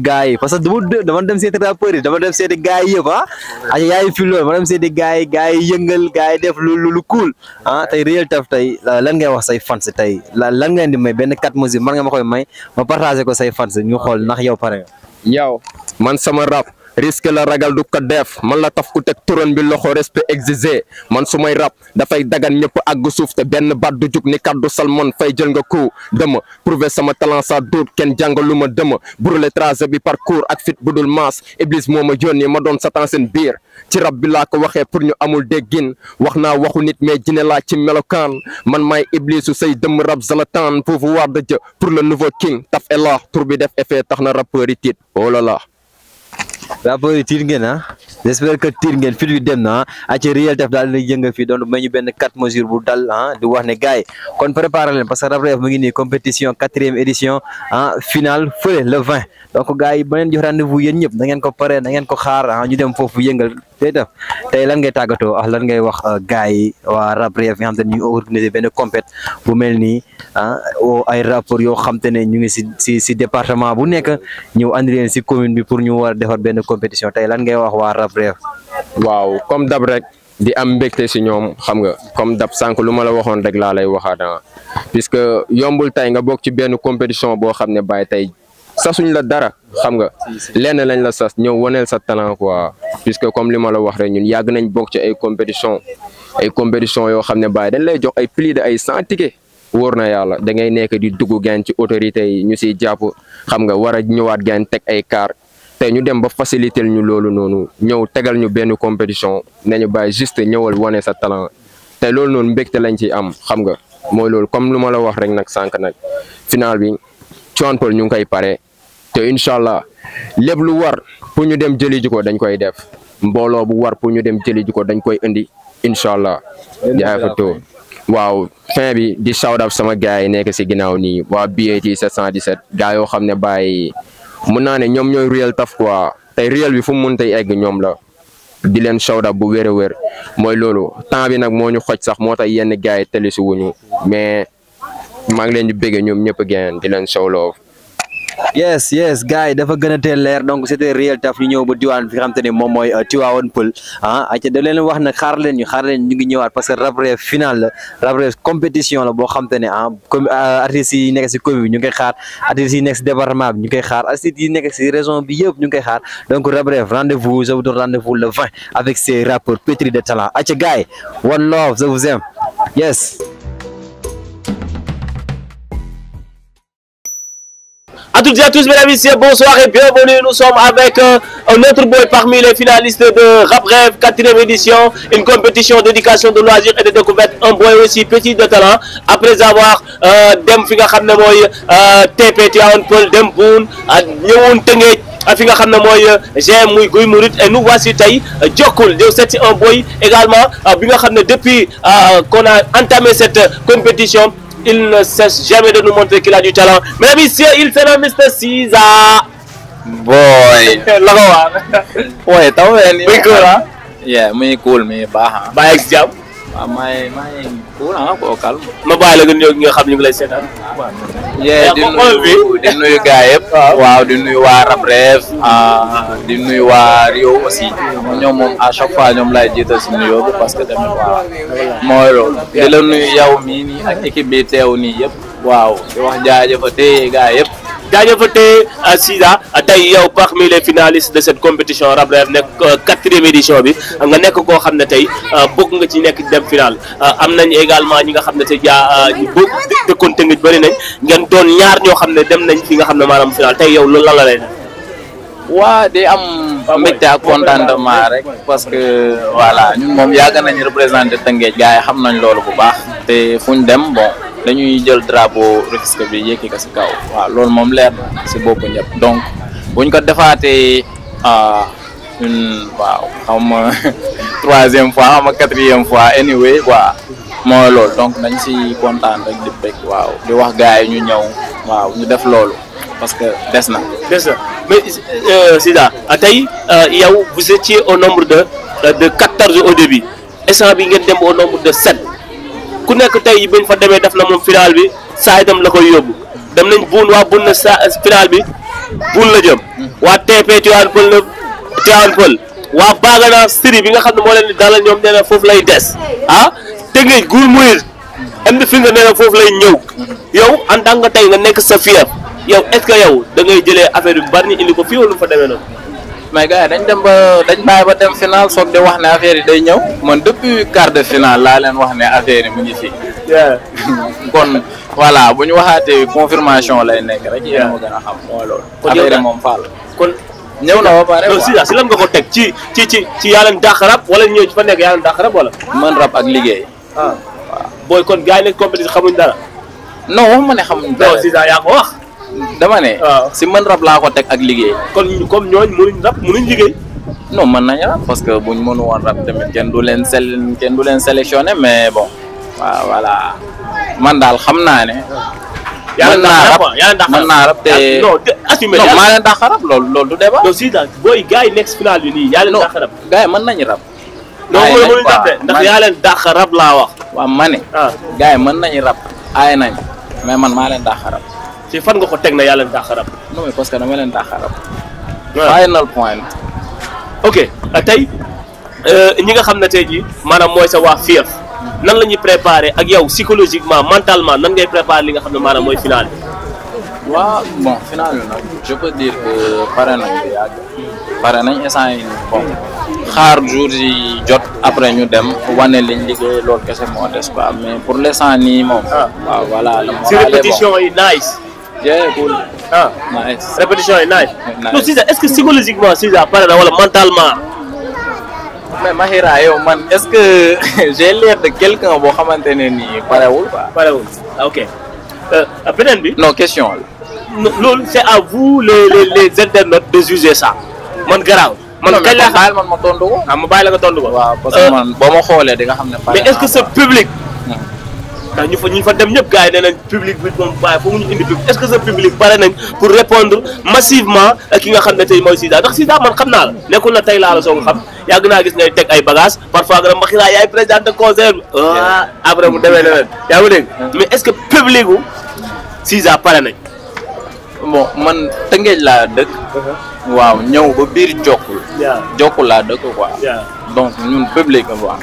yëngal gars yi def lu lu cool ah tey Real Taf tey lan ngay wax say fans tey lan ngay di may benn quatre mesures man nga ma may ma partagé ko say fans ñu xool ndax yow pare yow man sama rap risque la ragal du ko def man la taf ku tek turon bi loxo respect exigé man sumay rap da fay dagan ñëpp ag suuf te ben bad du juk ni kaddu salmon fay jël nga ko dem prouver sama talent sa duut ken jangaluma dem brûler trace bi parcours ak fit budul mas iblis moma jonne ma don satan sen bir ci rap bi la ko waxe pour ñu amul degin, waxna waxu nit mais jine la ci melokan man may iblisu sey dem rap zalatan voir de Dieu pour le nouveau king taf elah tour bi def effet taxna na yi oh rapport yi tiir ngeen ah j' que tir ngeen fi dem na a ah. ci réel def dal na yëngal fi don meñu ben 4 mesures bu dal ah di wax ne gay kon préparé len parce que rapport yi mu ngi ni compétition 4e édition ah finale feulé le 20 donc gay yi ba jox rendez-vous yeen ñep da ngeen ko paré da ngeen ko xaar ah ñu dem fofu yëngal tey def tay lan ngay tagato ah lan ngay wax ah, gay wa waa rapport nga xamanteni ñu organiser ben compét bu melni nii o ay rapport yo xamanteni ñu ngi ci ci ah, département bu nekk ñëw andi len ci commune bi pour ñu war a defar benn compétition tey lan ngay wax waa Rap Rev waaw comme dab rek di am mbégte si ñoom xam nga comme dab sànq lu ma la waxoon rek laa lay waxaat ah. puisque yombul tey nga bokk ci benn compétition boo xam ne bàyyi tey sasuñ la dara xam nga lenn lañ la sas ñëw waneel sa talent quoi que comme li ma la wax rek ñun yàgg nañ bokk ci ay compétition ay compétition yoo xam ne bàyyi dañ lay jox ay plus de ay cent tickets na yàlla da nekk di dugg gan ci autorité yi ñu siy jàpp xam nga war a ñëwaat gan teg ay tey ñu dem ba faciliter ñu loolu noonu ñëw tegal ñu benn compétition ne ñu bàyyi juste ñëwal wane sa talent te loolu noonu mbégte lañ ci am xam nga mooy loolu comme lu ma la wax rek nag sànq nag final bi Tivaouane Peulh ñu ngi koy pare te incha allah lépp lu war pour ñu dem jëli ko dañ koy def mbooloo bu war pour ñu dem jëliju ko dañ koy indi incha allah jaay fa to waaw fin bi di shout sama gars yi nekk si ginnaaw nii waa BAT 717 gars yoo xam ne bàyyi mun naa ne ñoom ñooy réel taf quoi te réel bi fu mu mën tey egg ñoom la di leen shawda bu wér a wér mooy loolu temps bi nag moo ñu xoj sax moo tax yenn gars yi tëli si wuñu mais maa ngi leen di bëgg ñoom ñëpp a di leen shawloo yes yes gars yi dafa gën a teel leer donc c'était réel taf ñu ñëw ba diwaan fi xam te ne moom mooy euh, Tivaouane Peulh ah leen wax ne xaar leen ñu xaar parce que Rap Rêve final compétition la boo xam te ne ah euh, commune bi ñu ngi xaar artistes yi nekk bi ñu koy xaar artistes yi nekk bi yëpp ñu ngi xaar donc Rap Rêve rendez-vous le 20 avec ces rappeurs pétris de talent ayca gars one love je vous à toutes et à tous, mesdames et messieurs, bonsoir et bienvenue. Nous sommes avec euh, un autre boy parmi les finalistes de Rap Rêve, 4 édition, une compétition d'éducation de loisirs et de découverte. Un boy aussi petit de talent. Après avoir euh, dem fi nga euh, TP dem Boune ñëwoon Tëngéej fi nga et nous voici Taï Djokul C'est un boy également depuis qu'on a entamé cette compétition. Il ne cesse jamais de nous montrer qu'il a du talent. Mais monsieur, il s'appelle Mr. Caesar. Boy. *laughs* Ouais, t'as vu Oui, cool, Oui, hein. Yeah, me cool, muito Bah, bah waaw koo calme. ma bàyyi la nga ñëw nga xam ñu lay seetaan. waaw di nuyu di nuyu ah. waaw di nuyu waa Rap Rêve. Ah, di nuyu waa Rio aussi. ñoom moom à chaque fois ñoom laay jiital si nuyoo bi parce que tamit waaw mooy loolu. di la nuyu yow mii nii ak équipe bi teew nii yëpp. waaw di wax jaajëfa tey gars yëpp. jaajëfatee euh, Sida tey yow parmi les finalistes de cette compétition Rab Reer nekk euh, quatrième édition bi nga nekk koo xam ne tey euh, bokk nga ci nekk dem final am nañ également ñi nga xam ne te jaa ñu bokk dëkkoon tëngit bëri nañ ngeen doon ñaar ñoo xam ne dem nañ fi nga xam ne maanaam final tey yow loolu lan la lay def. waa di am mbégte ak contentement rek parce que voilà ñun moom yàgg nañ représenté Tëngéej gars yi xam nañ loolu bu baax te fuñ dem bon. dañuy jël drapeau Rufisque bi yëkki ko si kaw waaw loolu moom leer na si boppu ñëpp donc buñ ko defaatee ah, une waaw xam nga *laughs* troisième fois xam nga quatrième fois anyway waaw mooy loolu donc dañ si kontaan rek di bëgg waaw di wax gars yi ñu ñaw waaw ñu def loolu parce que des na. des na mais euh, Sida tey euh, yow vous étiez au nombre de euh, de quatorze au début instant bi ngeen dem au nombre de sept. ku nekk tey buñ fa demee def na moom final bi saa itam la koy yóbbu dem nañ buun waa buun na sa final bi buun la jëm waa TP Tivaouane Peulh la Tivaouane Peulh waa Bagana Siri bi nga xam ne moo leen di ñoom nee foofu lay des ah Tëngéej Gouye Mourid am na nga nee na foofu lay ñëw yow en tant que tey nga nekk sa fief yow est-ce que yow da ngay jëlee affaire yu bari ñu indi ko fii wala lu fa demee noonu mais gars yi dañ dem ba dañ bàyyi ba dem final soog di wax ne affaire yi day ñëw man depuis quart de finale laa leen wax ne affaire mu ngi fii. *laughs* kon voilà bu waxaate waxaatee confirmation lay nekk rek yéen a gën a xam. moo loolu affaire yi kon ñëw na ba pare si si la nga ko teg ci ci ci ci yaa leen dàq wala ñëw ci fa nekk yaa leen dàq rab wala. man rab ak liggéey. ah booy kon gars yi lañ compétition xamuñ dara. non waxuma ne xamuñ dara yaa ko wax. damane si man rab laa ko teg ak liggéey. kon comme ñooñ mënuñ rab mënuñ liggéey. non mën nañ rab parce que buñ mënu woon rab tamit kenn du leen sel kenn du leen sélectionné mais bon. waaw man daal xam naa ne. yàlla dàq rab mën naa rab te. non te assumé non maa leen dàq rab loolu loolu du débat. non si daal booy gars yi nekk si final bi nii yaa dàq rab. gars laa wax. ma ne. gars yi mën rab. Ah. aay nañ mais man maa leen dàq rab. te fan nga ko teg na yàlla leen tax xarab. non mais parce que dama leen tax xarab. Euh, euh, ñi nga xam ne tey jii maanaam mooy sa waa FIF nan la ñuy préparer ak yow psychologiquement mentalement nan ngay préparer li nga xam ne maanaam mooy final bi. waaw bon final bi nag je peux dire que pare nañ ko pare nañ instant yi bon xaar jours yi jot après ñu dem wane liñ liggéey loolu kese moo des mais pour l'instant nii moom. Ah. waaw si répétition yi nice. Yeah, cool. Ah. Nice. Répétition est nice. nice. c'est César, est-ce que psychologiquement, César, par là, mentalement, mais Mahira, yo, man, est-ce que *laughs* j'ai l'air de quelqu'un qui a ni Paraoul Paraoul, ah, ok. Euh, Après, Non, question. C'est à vous, les, les, les internautes, de juger ça. Mon garage. Mon kañ laa xam man ma tontu ko. ah ma bàyyi la nga tontu ko. waaw parce que euh, man boo ma xoolee di mais est-ce que ce public. ndax ñu fa ñu fa dem ñëpp gars yi nee nañ public bi moom waaye foofu ñu indi public est-ce que ce public pare nañ pour répondre massivement ki nga xam ne tey mooy Sida ndax Sida man xam naa la nekkul na tey laa la soog a xam yàgg naa gis ngay teg ay bagages parfois nga dem Makhira yaay président de conseil bi ah après mu demee leneen yaa ngi dégg mais est-ce que public gu Sida pare nañ. bon man Tëngéej laa dëkk. Uh-huh. waaw ñëw ba biir jokkul. jokkul laa dëkk quoi. donc ñun public quoi.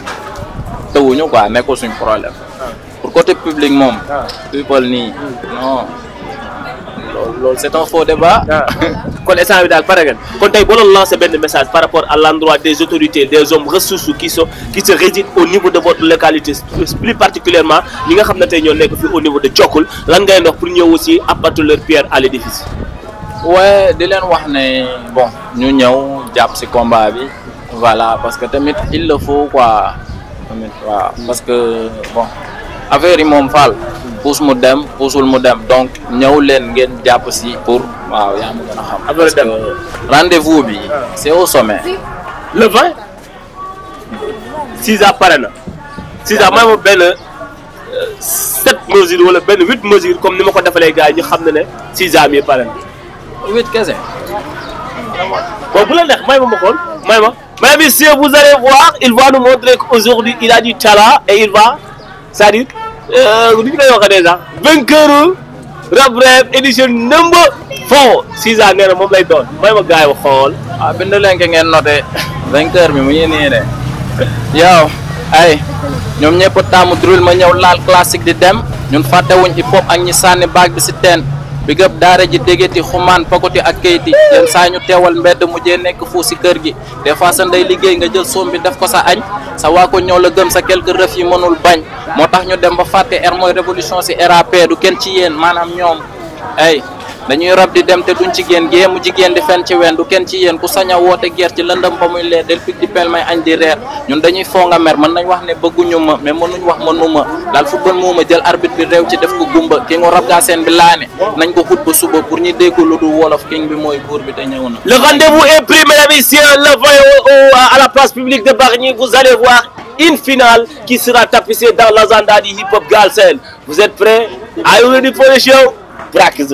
tawuñu quoi nekkul suñ problème. côté public people ah. ni, non. c'est un faux débat. Ah. *laughs* kon instant bi daal pare vous kon message par rapport à l'endroit des autorités des hommes ressources qui se qui se résident au niveau de votre localité plus particulièrement nous nga xam ne au niveau de Diokoul lan ngay wax pour ñëw aussi abattre leur pierre à l'édifice. Oui, de l'en wax ne bon ñu ñëw jàpp ci combat voilà parce que il le faut quoi parce que bon affaire Rimon fal pour dem ce mu donc nous leen ngeen pour waaw rendez-vous c'est au sommet. le 20 6 6 mesures wala mesures comme ni fait ñu xam mais vous allez voir il va nous montrer qu'aujourd'hui il a du talent et il va ni euh, ñu koy waxee déjà vainqueur Rap Rev édition number four Ziza nee na moom lay doon may ma gars yi xool. ah bind leen ko ngeen noté vainqueur bi mu ngi nii de yow ay ñoom ñëpp taamu drill ma ñëw laal classique di dem ñun fàttewuñ hip hop ak ñi sànni baag bi si teen. bi gëpp daara ji dégeti xumaan pakoti ak kayiti yenn saa ñu teewal mbedd mu jee nekk fuu si kër gi des fois sa ndey liggéey nga jël soom bi def ko sa añ sa waa ko ñoo la gën sa quelque rëf yi mënul bañ moo tax ñu dem ba fàtte er mooy révolution si RAP du kenn ci yéen maanaam ñoom ay dañuy rab di dem te duñ ci génn gée mu jigéen di fen ci wen du kenn ci yéen ku sañ a woote guerre ci lëndam ba muy lee del pig di pel may añ di reer ñun dañuy foo nga mer mën nañ wax ne bëgguñu ma mais mënuñ wax mënuma daal football muuma jël arbitre bi réew ci def ko gumba ki nga rab gaa seen bi laane nañ ko xut ba suba pour ñu dégg lu du wolof king bi mooy buur bi te ñëw na le rendez-vous est pris mesdames et messieurs le voyons à la place publique de Bargny vous allez voir une finale qui sera tapissée dans l'agenda du hip hop Galsen vous êtes prêts are you ready for the show practice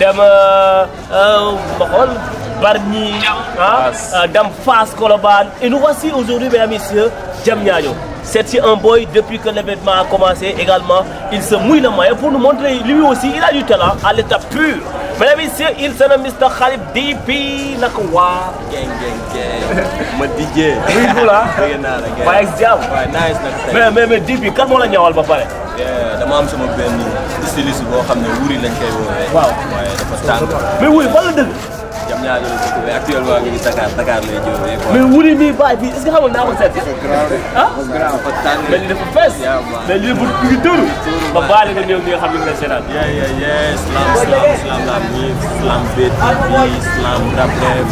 dame' dem ma et nous voici aujourd'hui mesdames et messieurs Nyayo. c'est un boy depuis que l'événement a commencé également il se mouille main et pour nous montrer lui aussi il a du talent à l'état pur mesdames et messieurs il s'appelle Mr Khalif DP gang gang gang *laughs* ma DJ. Oui, *laughs* nice mais mais mais DP la ba dama am sama Il wuri lañ koy waaw waaye dafa tàng. mais wuy fan la dëgg. jam ñaa doon dëkk mais actuellement ñu ngi Dakar Dakar lay jógee. mais wuli bii baay bii est-ce que xamul naa ko seet. ah dafa tàng. mais dafa fees. mais lii bu ngi dëru. ba baale nga néew ñi nga xam ne ñu ngi lay seetaan. yee yee yee islam islam islam laam ñii islam BTP islam Raprev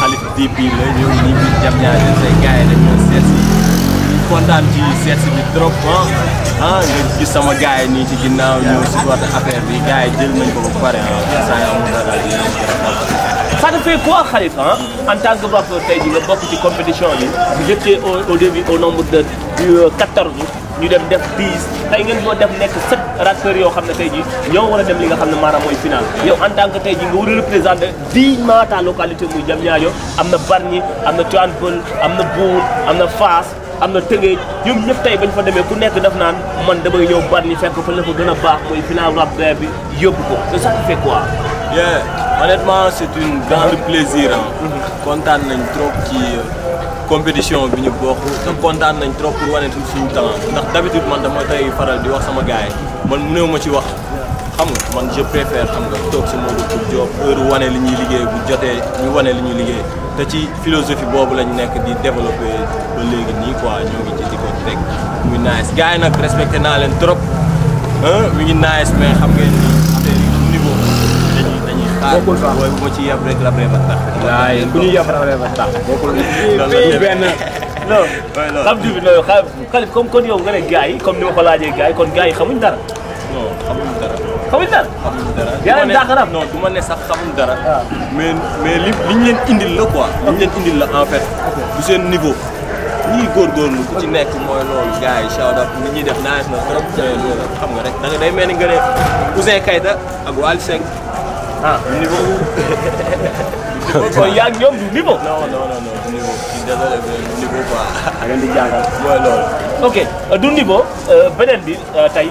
xalif DP la ñëw ñi ngi jam ñaa doon say gars yi dañu seet kontaan ci seet si ah. Ah, sama gars yi nii ci ginnaaw affaire bi gars yi jël nañ ko ba pare ah saa yoo te fait quoi Khalifa ah? en tant que nga bokk ci compétition bi vous étiez au début nombre de 14 euh, ñu dem def 10 tey ngeen boo def nekk 7 rappeurs yoo xam ne tey ji ñoo war a dem li nga xam ne maanaam mooy final yow en tant que tey jii nga war a représenté dignement ta localité muy Diamniadio am na Bargny am na Tivaouane am na Bour am na Fass amna teugue tëngéej ñoom ñëpp tey bañ fa démé ku nekk daf naan man damay ñëw Bargny fekk fa la fa gën a baax moy final rap bi yobbu ko te ça fait quoi. yeah honnêtement c'est une grande plaisir ah. kontaan nañ trop ki euh, compétition bi ñu bokk. te kontaan nañ trop pour wane suñu talent ndax d'habitude man dama tay faral di wax sama gaay man mëneewu ci wax. xam nga man je préfère xam nga toog si Modou Coupe Diop heure wane li ñuy liggéey bu jotee ñu wane li ñuy liggéey te ci philosophie boobu lañ nekk di développé ba léegi nii quoi ñoo ngi ci di ko rek muy nice gars yi nag respecté naa leen trop mi ngi nice mais xam ngeen ni affaire yi niveau dañuy xaar booy bu ci yab rek la bëri tax. waaye ku ñu yab la bëri ba tax bokkul *laughs* benn. non xam *laughs* du bi yow nga comme ni ma ko laajee gaay kon gaay yi xamuñ dara. non xamuñ xamuñ dara xamuñ dara yaa leen dàq rab non du ma ne sax xamuñ dara ah. mais liñ leen indil la quoi liñ leen indil la en fait du seen niveau ñii góorgóorlu ku ci nekk mooy loolu gars yi shout out li ñuy def naaj na trop xam nga rek da nga day mel ni nga ne Ouzin Keita ak Wally Seck ah niveau *laughs* kon yaa ngi ñoom du niveau non non non du da ngeen di jàngal mooy loolu ok du niveau euh, beneen bi euh, tey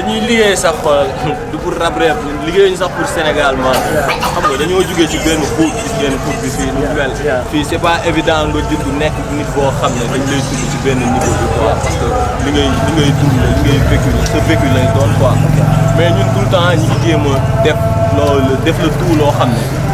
li ñuy liggéey sax du pour Rap Rev liggéeyuñu sax pour Sénégal man xam nga dañoo jugee ci benn xuub gis ngeen xuub bi fii nu mel fii c'est évident nga jënd nekk nit boo xam ne dañ lay tudd ci benn niveau bi quoi parce que li ngay li ngay dund la li ngay vécu la sa vécu lay doon quoi mais ñun tout le temps ñi ngi def loolu def la tout loo xam ne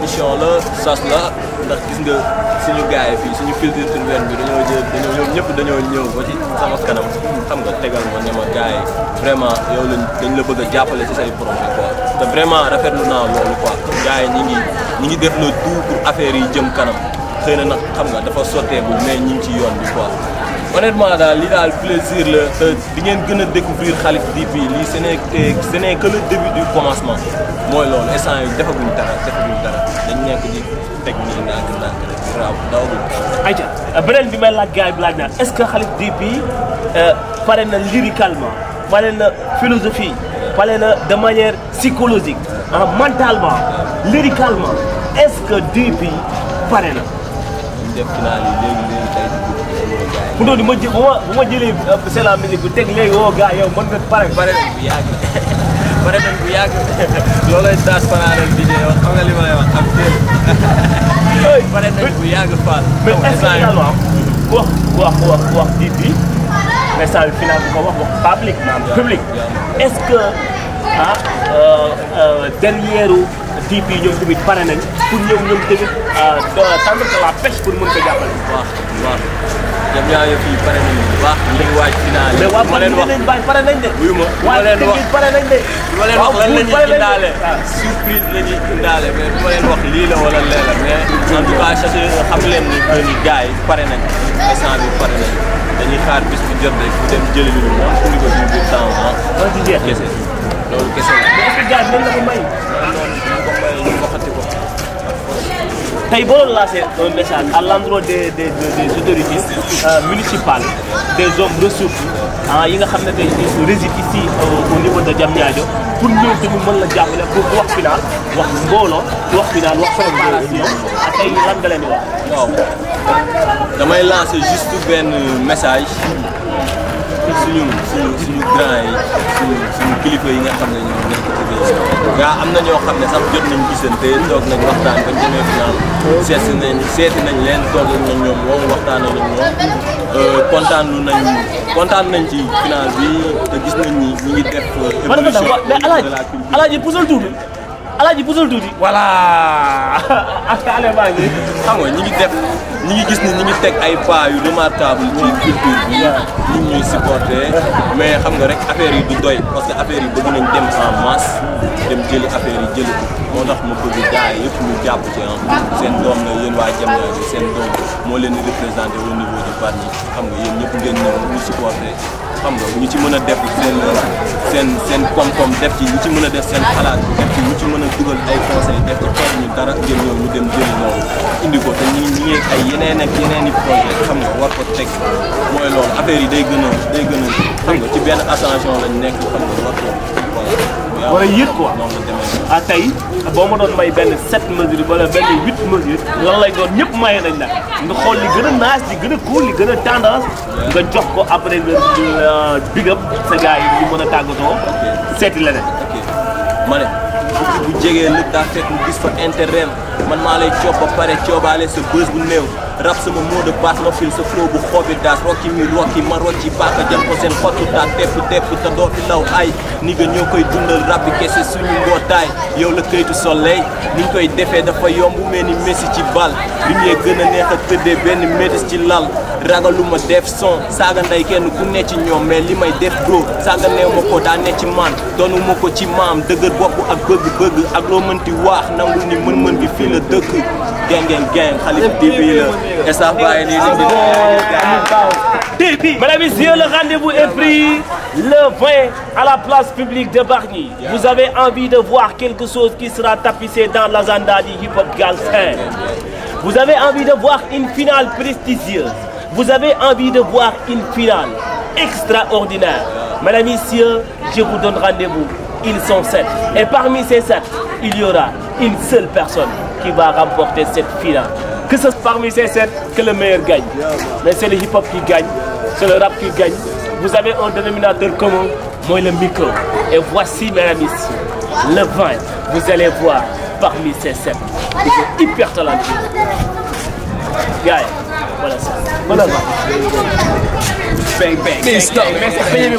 mission la sas la ndax gis nga suñu gaay fii suñu filtre urbaine bi dañoo jël dañoo ñoom ñëpp dañoo ñëw ba ci sama kanam xam nga tegal ma ne ma gaay vraiment yow lañ dañ la bëgg jàppale ci say projet quoi te vraiment rafet rafetlu naa loolu ko gaay ñi ngi ñi ngi def le tout pour affaire yi jëm kanam xëy na nag xam nga dafa sottee bu mais ñi ngi ci yoon bi quoi honnêtement daal li le plaisir le de di de découvrir Khalif DP c'est ce n'est que le début du commencement moi loolu instant yi defaguñ dara defaguñ dara dañ nekk di technique nii ndànk ndànk grave d'abord aïcha dawaguñ dara. ayca la bi may est-ce que Khalif DP euh, parle na lyricalement pare na philosophie parle na de manière psychologique ah, mentalement lyricalement est-ce que DP parle na. ñu def mu di ma jël bu ma jëlee c'est la musique bu teg léegi woo gars yow mën nga pare pare bu yàgg pare nañ bu yàgg loolay daas fanaaral bi dee wax xam nga li ma wah, wax am final bu ko wax public ya, ya, public ah tamit pare nañ pour ñëw ñoom tamit tendre la pêche pour mën ko ñoom ñaar yëpp yi pare nañu bu baax ñu ngi waaj final mais waa leen wax pare nañ de wuyu ma waaye leen wax pare nañ de ma leen wax lan la ñuy indaale surprise la ñuy indaale mais bu ma leen wax lii la wala lee la mais en pare nañ instant bi pare nañ dañuy xaar bis bu jot rek bu dem jëli lu ñu am indi ko biir temps ah loolu kese la loolu kese la mais est-ce que gars yi nañ la tey boo doon lancer un message à l'endroit des des des autorités euh, municipales des hommes ressources ah yi nga xam ne tey résident ici euh, au niveau de Diamniadio pour nous te nous mën la jàppale pour wax final wax mbooloo wax final wax sama relation ak tey lan nga wax. damay lancer juste un message. suñu suñu suñu grand yi suñu suñu kilifa yi nga xam ne ñoom nekk ci réew gaa am na ñoo xam ne sax jot nañ gisante toog nañ waxtaan bañ demee final seeti nañ seeti nañ leen toog nañ ñoom moom waxtaan nañ ñoom euh, kontaan nañ kontaan nañ ci final bi te gis nañ ni ñu ngi def euh, évolution de la culture alaaji busal tuuti. voilà *laughs* ak ale baa ngi xam ñi ngi def ñi ngi gis ni ñi ngi teg ay pas yu remarquable ci culture bi ñu ñuy supporter mais xam nga rek affaire yi du doy parce que affaire yi bëgg nañ dem en masse dem jëli affaire jëli ko moo tax ma bëgg gars yëpp ñu jàpp ci seen doom la yéen waa jëm na seen doom moo leen di au niveau de Bargny xam nga yéen ñëpp ngeen ñëw ñu supporter xam nga ñu ci mën a def seen seen seen koom def ci ñu ci mën a def seen xalaat def ci ñu ci mën a dugal ay conseil def ci toog ñu dara jël ñoom ñu dem jëli loolu indi ko te ñu ngi ay yeneen ak yeneen i projet xam nga war ko teg mooy loolu affaire yi day gën a day a xam nga ci benn ascension lañ nekk xam nga war ko war a yëg quoi ah tey boo ma doon may benn sept mesures wala benn mesure loolu lay doon ñëpp maye nañ la nga xool li gën a naas li gën a cool li gën a tendance nga jox ko après nga euh, big up sa gars yi ñu mën a tàggatoo seeti leneen ma ne bu jegee lëg daa fekk mu gis fa intérêt man maa lay coob ba pare coobaale sa bës bu néew rab sama mot de passe ma fil sa flow bu xoobi daas rocci mi rocci ma rocci baaka jam ko seen xottu taa tepp tepp te doo fi law ay ni nga ñoo koy dundal rab bi kese suñu mbootaay yow la këytu soleil ni ñu koy defee dafa yomb mel ni messi ci bal lumière gën a neex a tëddee benn métis ci lal ragaluma def son Saga, nday kenn ku ne ci mais li def bro saaga neew ma ko daa ne ci man donu mako ko ci mam dëgër bop ak bëgg-bëgg ak loo mënti wax nangul ni mën-mën gi fi la dëkk gang gang dibi la esa baye ni ni dibi Mesdames et le rendez-vous est pris le 20 à la place publique de Bargny. Vous avez envie de voir quelque chose qui sera tapissé dans l'agenda du hip-hop Gals. Vous avez envie de voir une finale prestigieuse vous avez envie de voir une finale extraordinaire. Mesdames, Messieurs, je vous donne rendez-vous. Ils sont sept. Et parmi ces sept, il y aura une seule personne qui va remporter cette finale. Que ce soit parmi ces sept que le meilleur gagne. Mais c'est le hip-hop qui gagne, c'est le rap qui gagne. Vous avez un dénominateur commun, moi le micro. Et voici, mesdames, messieurs, le vin. Vous allez voir parmi ces sept. Ils hyper talentueux. Gagne. What ça. Voilà ça. Bang, bang, bang, bang,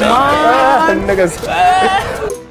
bang, bang, bang,